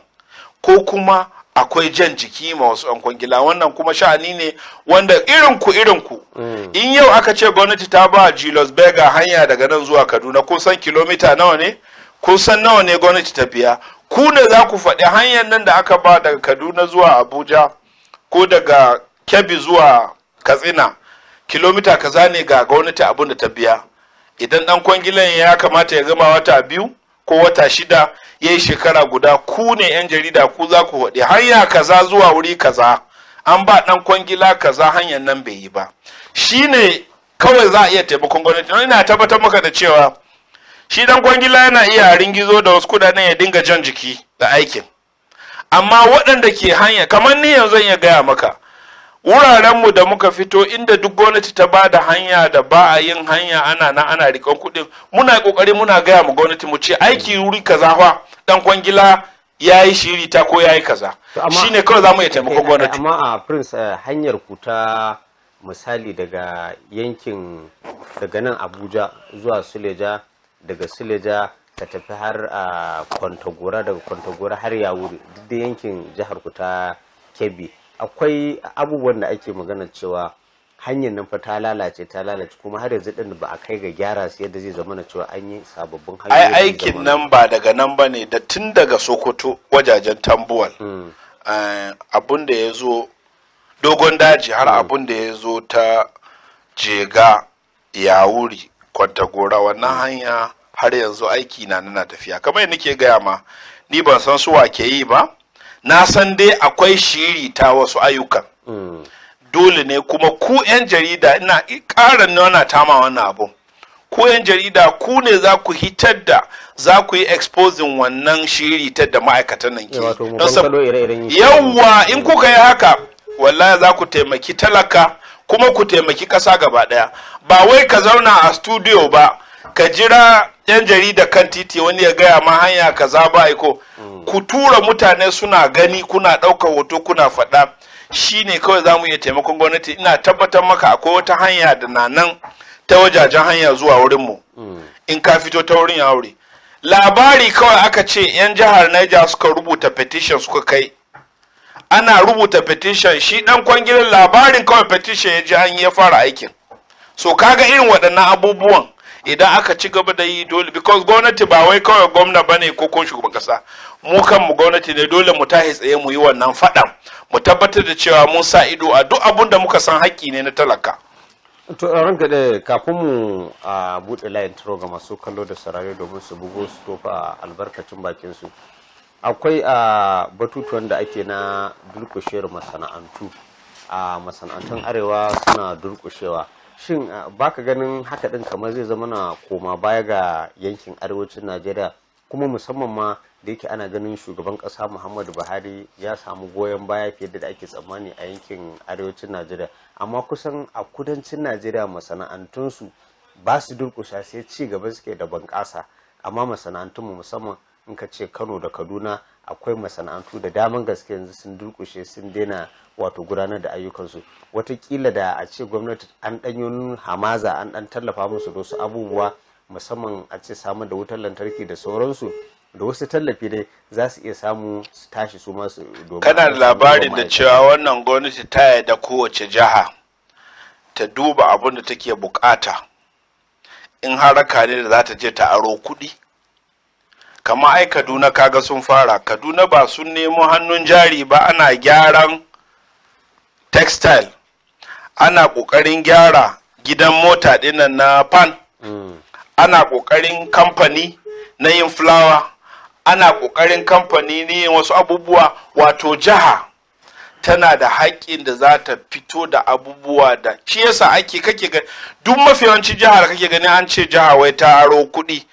ko kuma akwai jan jiki ma wasu yan kwangila wannan kuma sha'ani ne wanda irin ku irin ku mm. in yau aka ce gwamnati ta ba Julius Bega hanya daga nan zuwa Kaduna kun san kilomita nawa ne kun san nawa ne gwamnati ta biya ku ne za ku faɗi hanyar nan da aka ba daga Kaduna zuwa Abuja ko daga Kebbi zuwa Katsina kilomita kaza ne ga gwamnati abin da ta biya idan ɗan kwangilan ya kamata ya gama wata biyu ko wata shida ya yi shekara guda ku ne 'yan jarida ku za ku haɗe hanya kaza zuwa wuri kaza an ba ɗan kwangila kaza hanyar nan bai yi ba shi ne kawai za a iya taimakon gwamnati don ina tabbatar maka da cewa shi ɗan kwangila yana iya ringizo da wasu kudaden ya dinga jan jiki da aikin amma waɗanda ke hanya kamar ni yanzu zan iya gaya maka wurarenmu da muka fito inda duk gwamnati ta ba da hanya da ba a yin hanya ana na ana rikon kuɗi muna kokari muna gaya mu gwamnati mu ce aiki wuri kaza fa dan kwangila ya yi shiri ta ko ya yi kaza shine kawai za mu iya taimako eh, eh, gwamnati
amma a ah, prince eh, hanyar ku ta misali daga yankin daga nan abuja zuwa suleja daga suleja ta tafi har a ah, kwantagora daga kwantagora har yawuri duk da yankin jihar ku ta kebbi akwai abubuwan da ake magana cewa hanyar nan fa ta lalace ta lalace kuma har yanzu din ba a kai ga gyara su yadda zai zama na cewa an yi sababbin hanyoyi ai aikin nan
ba daga nan ba ne da tun daga sokoto wajajen tambuwal hmm. eh, abun da ya zo dogon daji har hmm. abun da ya zo ta jega yawuri kwantagora wannan hmm. hanya har yanzu aiki na nana tafiya kamar yadda nake gaya ma ni ban san su wa ke yi ba na san dai akwai shiri ta wasu ayyukan hmm. dole ne kuma ku 'yan jarida ina ƙara nuna tama wannan abu ku 'yan jarida ku ne za ku hitar da za ku yi exposing wannan shiri ta da ma'aikatan nan ke eh,
yawwa in hmm. kuka yi
haka wallahi za ku taimaki talaka kuma ku taimaki ƙasa gaba ɗaya ba wai ka zauna a studio ba ka jira yan jarida kan titi wani ya gaya ma hanya kaza ba aiko mm. ku tura mutane suna gani kuna ɗaukar hoto kuna faɗa shine kawai za mu iya taimakon gwamnati ina tabbatar maka akwai wata hanya da na nan ta wajajen hanya zuwa wurinmu mu mm. in ka fito ta wurin ya aure labari kawai aka ce yan jihar Niger suka rubuta petition suka kai ana rubuta petition shi dan kwangilan labarin kawai petition ya ji an ya fara aikin so kaga irin waɗannan abubuwan idan aka ci gaba da yi dole because gwamnati ba wai kawai gwamna ba ne ko kun shugaban kasa mu mu gwamnati ne dole mu tahi tsaye mu yi wannan faɗan mu tabbatar da cewa mun sa ido a duk abun da muka san haƙƙi ne na talaka
to ranka da kafin mu a buɗe layin tro ga masu kallo da sarari domin su bugo su tofa albarkacin bakin su akwai a batutuwan da ake na dulkushe masana'antu a masana'antun arewa suna durkushewa shin ba ka ganin haka din kamar zai zama na koma baya ga yankin arewacin najeriya kuma musamman ma da yake ana ganin shugaban kasa muhammadu buhari ya samu goyon baya fiye da ake tsammani a yankin arewacin najeriya amma kusan a kudancin najeriya masana'antunsu ba su durkusa sai ci gaba suke da bunƙasa amma masana'antunmu musamman in ka ce kano da kaduna akwai masana'antu da daman gaske yanzu sun durkushe sun daina wato gudanar da ayyukansu watakila da a ce gwamnati an ɗanyo hamaza an ɗan tallafa musu da wasu abubuwa musamman a ce samun da wutar lantarki da sauransu da wasu tallafi dai za su iya samu su tashi su masu
domin kana labarin da cewa wannan gwamnati ta yarda kowace jiha ta duba abin da take bukata in haraka ne da za ta je ta aro kuɗi kama ai kaduna kaga sun fara kaduna ba sun nemo hannun jari ba ana gyaran textile ana ƙoƙarin gyara gidan mota dinnan na pan ana ƙoƙarin kamfani na yin fulawa ana ƙoƙarin kamfani ne wasu abubuwa wato jiha tana da haƙƙin da za ta fito da abubuwa da shi yasa ake kake gani duk mafi yawanci jiha da kake gani an ce jiha wai ta aro kuɗi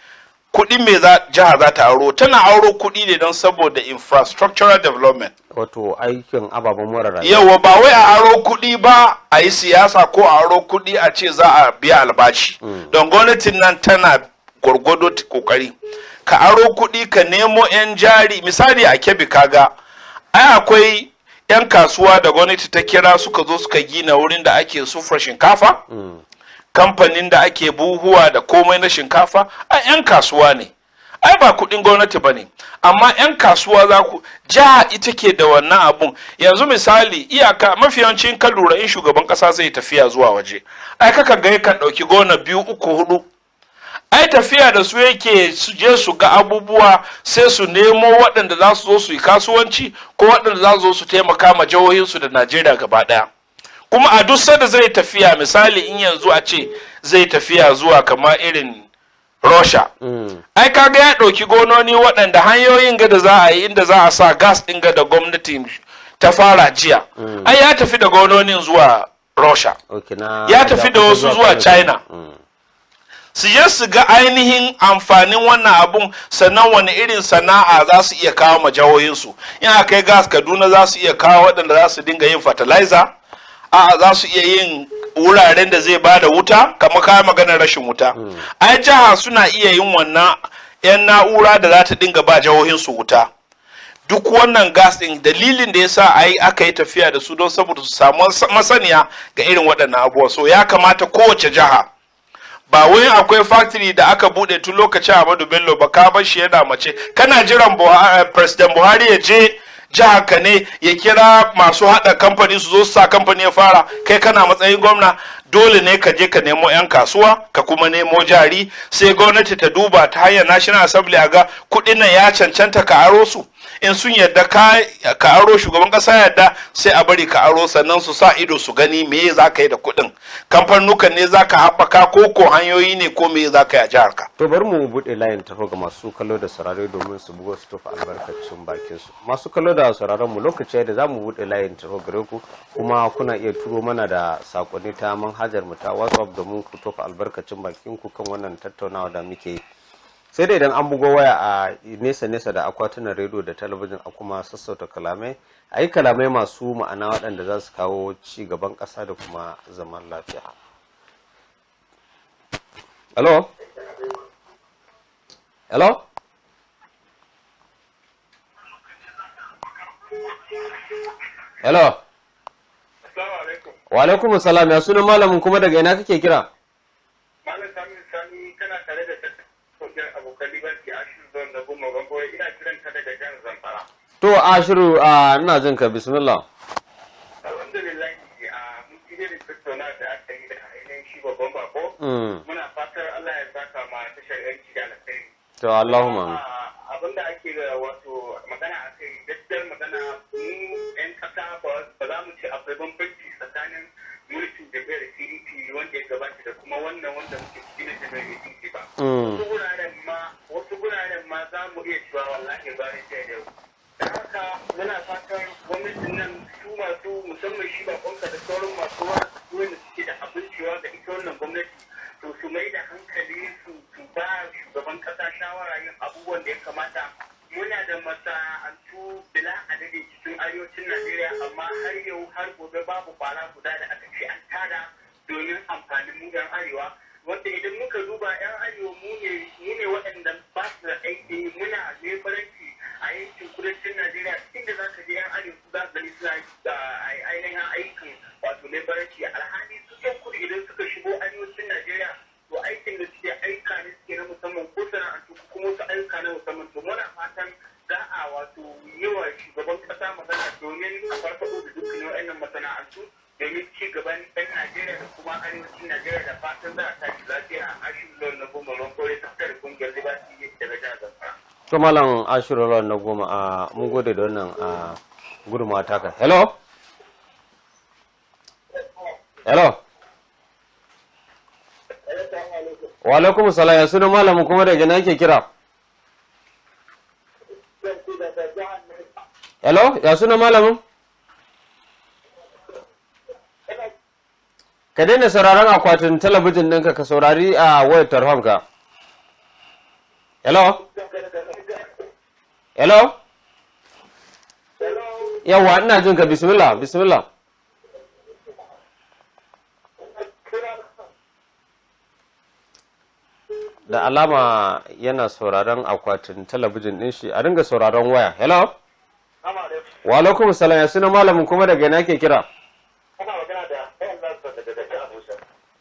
kuɗin me jiha za ta auro tana auro kuɗi ne don saboda infrastructural development
wato aikin ababen mara rayuwa yawa ba wai a
aro kuɗi ba a yi siyasa ko a aro kuɗi a ce za a biya albashi mm. don gwamnatin nan tana gwargwado kokari ka aro kuɗi ka nemo 'yan jari misali a kebi kaga ai akwai 'yan kasuwa da gwamnati ta kira suka zo suka gina wurin da ake sufra shinkafa mm. kamfanin da ake buhuwa da komai na shinkafa a 'yan kasuwa ne ai ba kuɗin gwamnati ba ne amma 'yan kasuwa za ku ja ita ke da wannan abun yanzu misali iyaka mafi yawancin ka lura in shugaban ƙasa zai tafiya zuwa waje ai kakan ga kan ɗauki gona biyu uku hudu ai tafiya da su yake su je su ga abubuwa sai su nemo waɗanda za su zo su yi kasuwanci ko waɗanda za su zo su taimaka ma jihohinsu da najeriya gaba ɗaya kuma a duk sanda zai tafiya misali in yanzu a ce zai tafiya zuwa kama irin Russia. Mm. Ai kaga ya ɗauki gononi waɗanda hanyoyin ga da za a yi inda za a sa gas ɗin ga da gwamnati ta fara jiya. Mm. Ai ya tafi da gononin zuwa Russia.
ya tafi da wasu zuwa China.
Mm.
Su je su ga ainihin amfanin wannan abun sannan wani irin sana'a za su iya kawo majawoyinsu. In aka kai gas Kaduna za su iya kawo waɗanda za su dinga yin fertilizer. a za su iya yin wuraren da zai bada wuta kamar kayan maganar rashin wuta hmm. ai jiha suna iya yin wannan 'yan na'ura da za ta dinga ba jihohin su wuta duk wannan gas din dalilin da yasa ai aka yi tafiya da su don saboda su samu masaniya ga irin waɗannan abubuwa so ya kamata kowace jiha ba wai akwai factory da aka bude tun lokacin Ahmadu Bello ba ka bar shi yana mace kana jiran eh, President Buhari ya je jiha ka ne ya kira masu hada kamfani su zo su sa kamfani ya fara kai kana matsayin gwamna dole ne ka je ka nemo 'yan kasuwa ka kuma nemo jari sai gwamnati ta duba ta hanyar national assembly a ga kudin nan ya cancanta ka aro su in sun yadda ka aro shugaban kasa yadda sai a bari ka aro sannan su sa ido su gani me za ka yi da kuɗin kamfanukan ne za ka haɓaka ko ko hanyoyi ne ko me za ka yi a jihar ka.
to bari mu buɗe layin taho ga masu kallo da sauraro domin su bugo su tofa albarkacin bakin su masu kallo da sauraron mu lokaci da za mu buɗe layin taho gare ku kuma kuna iya turo mana da sakonni ta manhajar mu ta whatsapp domin ku tofa albarkacin bakin ku kan wannan tattaunawa da muke yi. sai dai idan an bugo waya a nesa nesa da akwatunan rediyo da talabijin a kuma sassauta kalamai a yi kalamai masu ma'ana waɗanda za su kawo ci gaban ƙasa da kuma zaman lafiya hello hello hello wa alaikum salam ya sunan malamin kuma daga ina kake kira
da goma gangore ina kiran ka daga jan zamfara
to ashiru a ah, ina jin ka bismillah alhamdulillah eh, a ah, mun ji
da tattauna da aka yi da ainihin shi babban bako mm. muna fatar Allah ya saka ma tashar yanci da alkhairi to Allahumma ah, abin ake da wato magana a kai gaskiyar magana mu 'yan kasa ba za mu ce akwai bambanci tsakanin mulkin jam'iyyar pdp wanda ya gabata da kuma wannan wanda muke ciki na jam'iyyar pdp ba mm. wasu guraren ma wasu guraren ma za mu iya cewa wallahi ba ni da yau da haka muna fatan gwamnatin nan su masu musamman shi ba kwanka da sauran masu wanda suke da abin cewa ga ita wannan gwamnati to su mai da hankali su ba shugaban kasa shawara yin abubuwan da ya kamata muna da masana'antu bila adadin cikin arewacin najeriya amma har yau har gobe babu fara guda da aka ce an tada domin amfanin mu yan arewa wanda idan muka duba yan arewa mu ne waɗanda ba su da aiki muna lebaranci a yankin kudancin najeriya da za ka je yan arewa su za su gani suna ah, ainihin aikin wato lebaranci alhali su yan kudu idan suka shigo arewacin najeriya to aikin da suke aika ne suke na musamman ko sana'antu ko kuma wasu aika na musamman to muna fatan za a wato yi wa shugaban kasa magana domin a farfaɗo da dukkanin wa'annan masana'antu domin ci gaban ɗan Najeriya da kuma arewacin Najeriya da fatan za a tashi lafiya a ashirin lon na goma ruwan kore ta fitar kungiyar Liberty daga jihar Zamfara.
To malam ashirin lon na goma a mun gode da wannan a gudunmawa taka. Hello? Hello? wa alaikum salam ya suna malamin kuma daga na yake kira hello ya suna malamin ka daina sauraron akwatin talabijin ɗinka ka saurari a wayar tarhon ka hello hello yawwa ina jin ka bismillah bismillah da alama yana sauraron akwatin talabijin din shi a ringa sauraron waya hello wa alaikum salam ya suna malamin kuma daga ina ke kira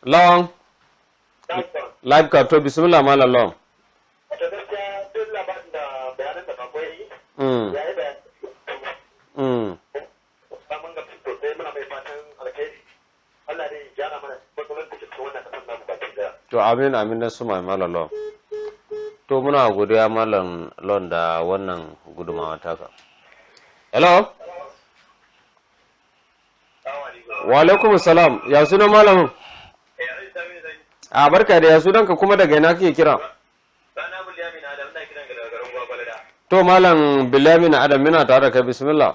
lawan live carto bismillah malam lawan Mm. to amin amin na su mai malalon to muna godiya malam lon da wannan gudumawa taka hello wa alaikum salam ya suna malamin a barka da ya sunanka kuma daga ina kake kira to malam bilamin adam mina tare da kai bismillah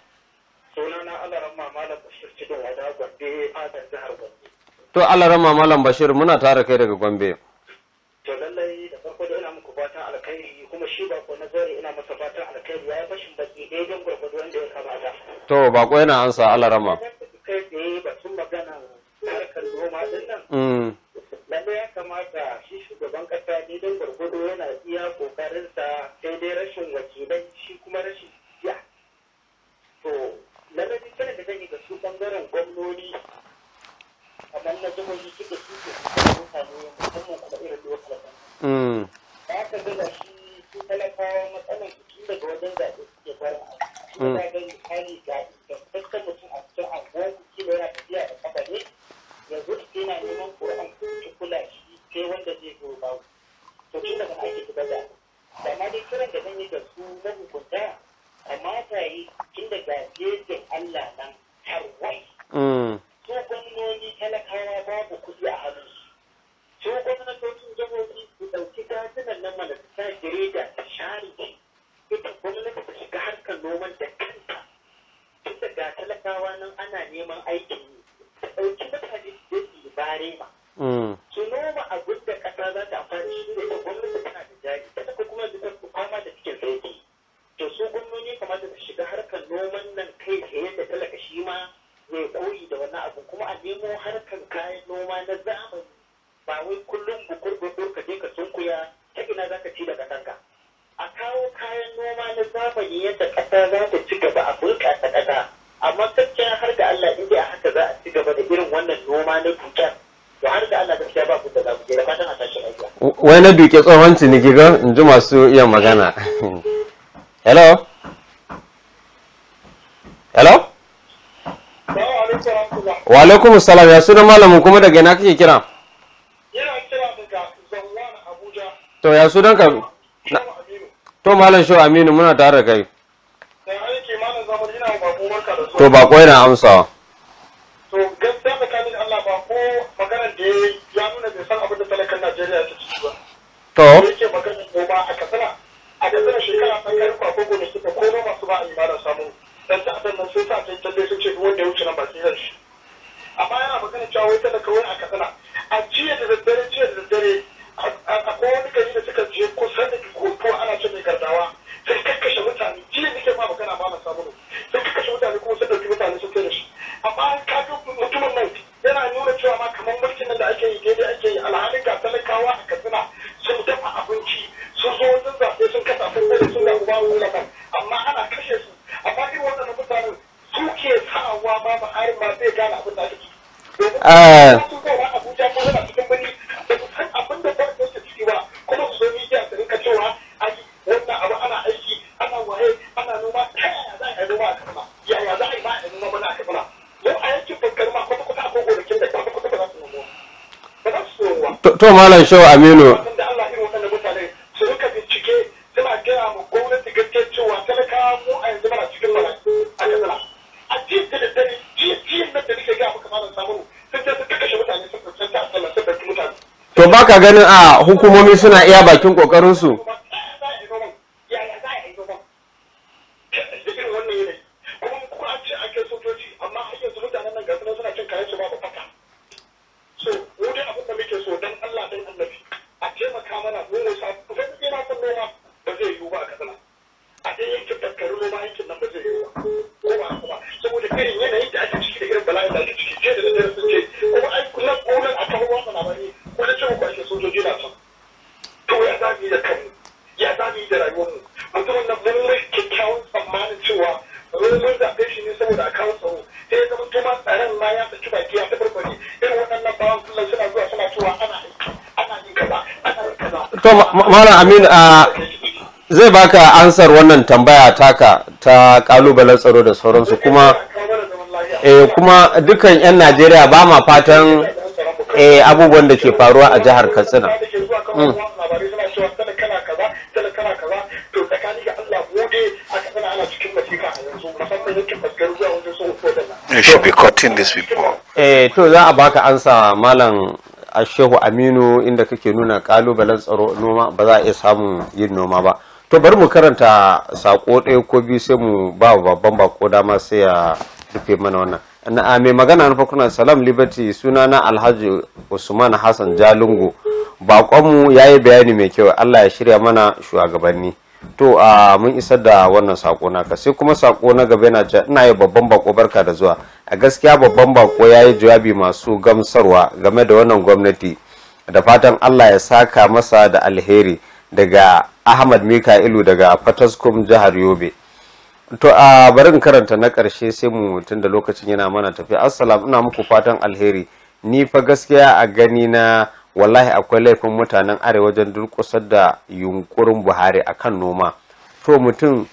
to Allah rama malam Bashir muna tare kai daga Gombe
to lallai da farko da ina muku fatan alkhairi kuma shi ba ko nazari ina masa fatan alkhairi ya fashin baki daidan gurgudu wanda ya kamata
to bako yana ansa Allah rama
kai ba sun magana harkar noma din nan mm. lallai ya kamata shi shugaban kasa dan gurgudu yana iya kokarinsa sai dai rashin wakilai shi kuma rashin jiya to lallai tana da zan yi ga su bangaren gwamnoni sannan na jihohi duk suke su mutane musamman kuma irin lokacin hmm. da ya ka gaza shi su talakawa matsalan su daga wajen zaɓe suke bara su ka ga misali ga ingantaccen mutum a cikin anguwa su da yana tafiya da kafa ne yanzu su yana neman ƙoran su kula shi sai wanda zai zo babu to tun daga ake gaba da da ma dai kiran da zan yi da su mahukunta kamata yi tun daga jejin Allah nan har wai hmm. su gwamnoni talakawa babu kuɗi a hannunsu su gwamnatocin jihohi su ɗauki dajinan na mana gireda ta share ita gwamnati ta shiga harkar noman da kanta tun da ga talakawa nan ana neman aikin yi ta ɗauki mutane da bare ma su noma abin da ƙasa za ta amfani da ita gwamnati gano harkar kayan noma na zamani ba wai kullum bukur bukur ka je ka sunkuya ta ina za ka ci daga kanka a kawo kayan noma na zamani yadda ƙasa za ta ci gaba a bunƙasa ƙasa amma gaskiya har da Allah inda a haka za a ci gaba da irin wannan noma na dukiyar to har da Allah gaskiya ba ku da za je da fatan a tashi aiki
wai na duke tsohon ciniki ga in ji masu iya magana <laughs> hello alaikum salam ya suna malamin kuma daga ina kake kira yana kira daga abuja to ya sunan ka to malam shehu aminu muna tare da kai to ba kwai na amsawa
Ah.
to malam shehu aminu Ka ganin a
hukumomi suna iya bakin kokarinsu Malam Amin zai baka ansar wannan tambaya taka ta kalubalen tsaro da sauransu kuma eh kuma dukan 'yan Najeriya ba ma fatan eh abubuwan da ke faruwa a jihar Katsina. Hmm. Eh, to za a baka ansa malam a shehu aminu inda kake nuna kalubalen tsaro noma ba za a iya samun yin noma ba to bari mu karanta sako ɗaya ko biyu sai mu ba babban bako dama sai ya rufe mana wannan na mai magana na farko salam liberty suna na alhaji usman hassan jalungu bakonmu ya yi bayani mai kyau allah ya shirya mana shugabanni to a mun isar da wannan sako naka sai kuma sako na gaba yana cewa ina yi babban bako barka da zuwa a gaskiya babban bako ya yi jawabi masu gamsarwa game da wannan gwamnati da fatan allah ya saka masa da alheri daga ahmad mika'ilu daga fataskum jihar yobe to a barin karanta na karshe sai mu tun da lokacin yana mana tafiya assalam ina muku fatan alheri ni fa gaskiya a gani na wallahi akwai laifin mutanen arewa wajen durkusar da yunkurin buhari a kan noma to mutum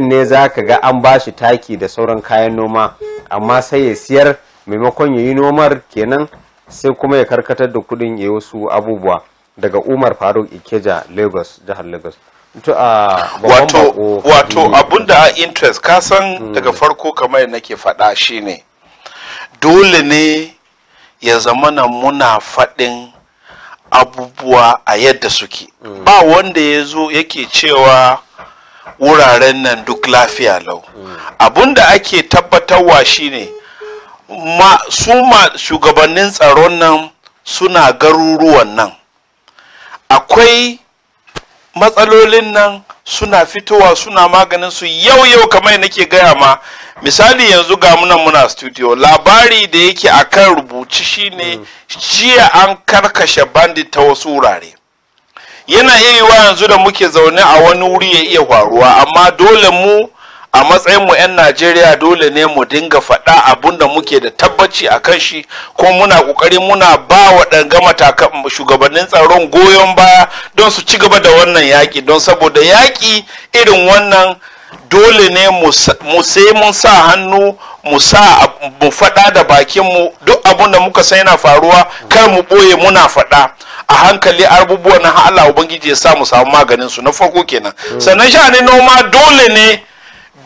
ne za ka ga an ba shi taki da sauran kayan noma amma sai ya siyar maimakon ya yi nomar kenan sai kuma ya karkatar da kudin ya wasu abubuwa daga umar faruk ikeja lagos jihar lagos
wato wato abinda a interest kasan hmm. daga farko kamar nake faɗa shine dole ne ya zama na muna faɗin abubuwa a yadda suke mm. ba wanda ya zo yake cewa wuraren nan duk lafiya lau mm. abinda ake tabbatarwa shine ma su ma shugabannin tsaron nan suna garuruwan nan akwai matsalolin nan suna fitowa suna maganin su yau yau kamar nake gaya ma misali yanzu ga munan muna studio labari da yake akan rubutu hukunci shine jiya an karkashe bandit ta wasu wurare yana iya yiwa yanzu da muke zaune a wani wuri ya iya faruwa amma dole mu a matsayin mu 'yan najeriya dole ne mu dinga faɗa abun da muke da tabbaci a kan shi ko muna ƙoƙari muna ba wa matakan shugabannin tsaron goyon baya don su ci gaba da wannan yaƙi don saboda yaƙi irin wannan dole ne mu sai mun sa hannu mu sa mu faɗa da bakin mu duk abin da muka san yana faruwa kar mu ɓoye muna faɗa a hankali abubuwa na Allah ubangiji ya sa mu samu maganin su na farko kenan mm. sannan sha'anin noma dole ne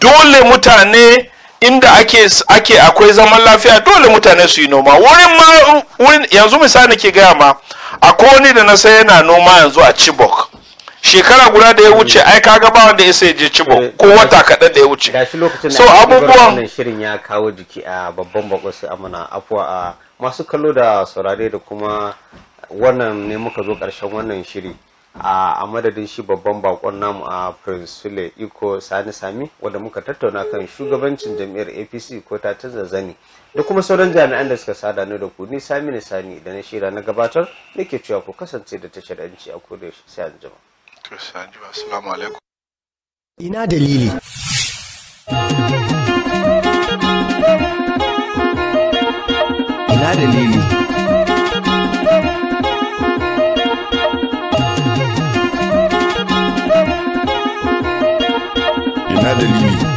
dole mutane inda ake ake akwai zaman lafiya dole mutane su yi noma wurin ma wurin yanzu misali ke gaya ma akwai wani da na sai yana noma yanzu a Chibok shekara guda da ya wuce ai kaga ba wanda isa je cibo eh, ko wata kaɗan da ya wuce so abubuwan
shirin ya kawo jiki a babban bako su amana afuwa a masu kallo da saurare da kuma wannan ne muka zo ƙarshen wannan shiri a madadin shi babban bakon namu a prince sule iko sani sami wanda muka tattauna kan shugabancin jam'iyyar apc ko ta canza zani da kuma sauran jami'an da suka sada ne da ku ni sami ne sani da na shira na gabatar nake cewa ku kasance da tashar yanci a kodayaushe sai an To Sanju, assalamu alaikum. Ina dalili.
Ina dalili. Ina dalili.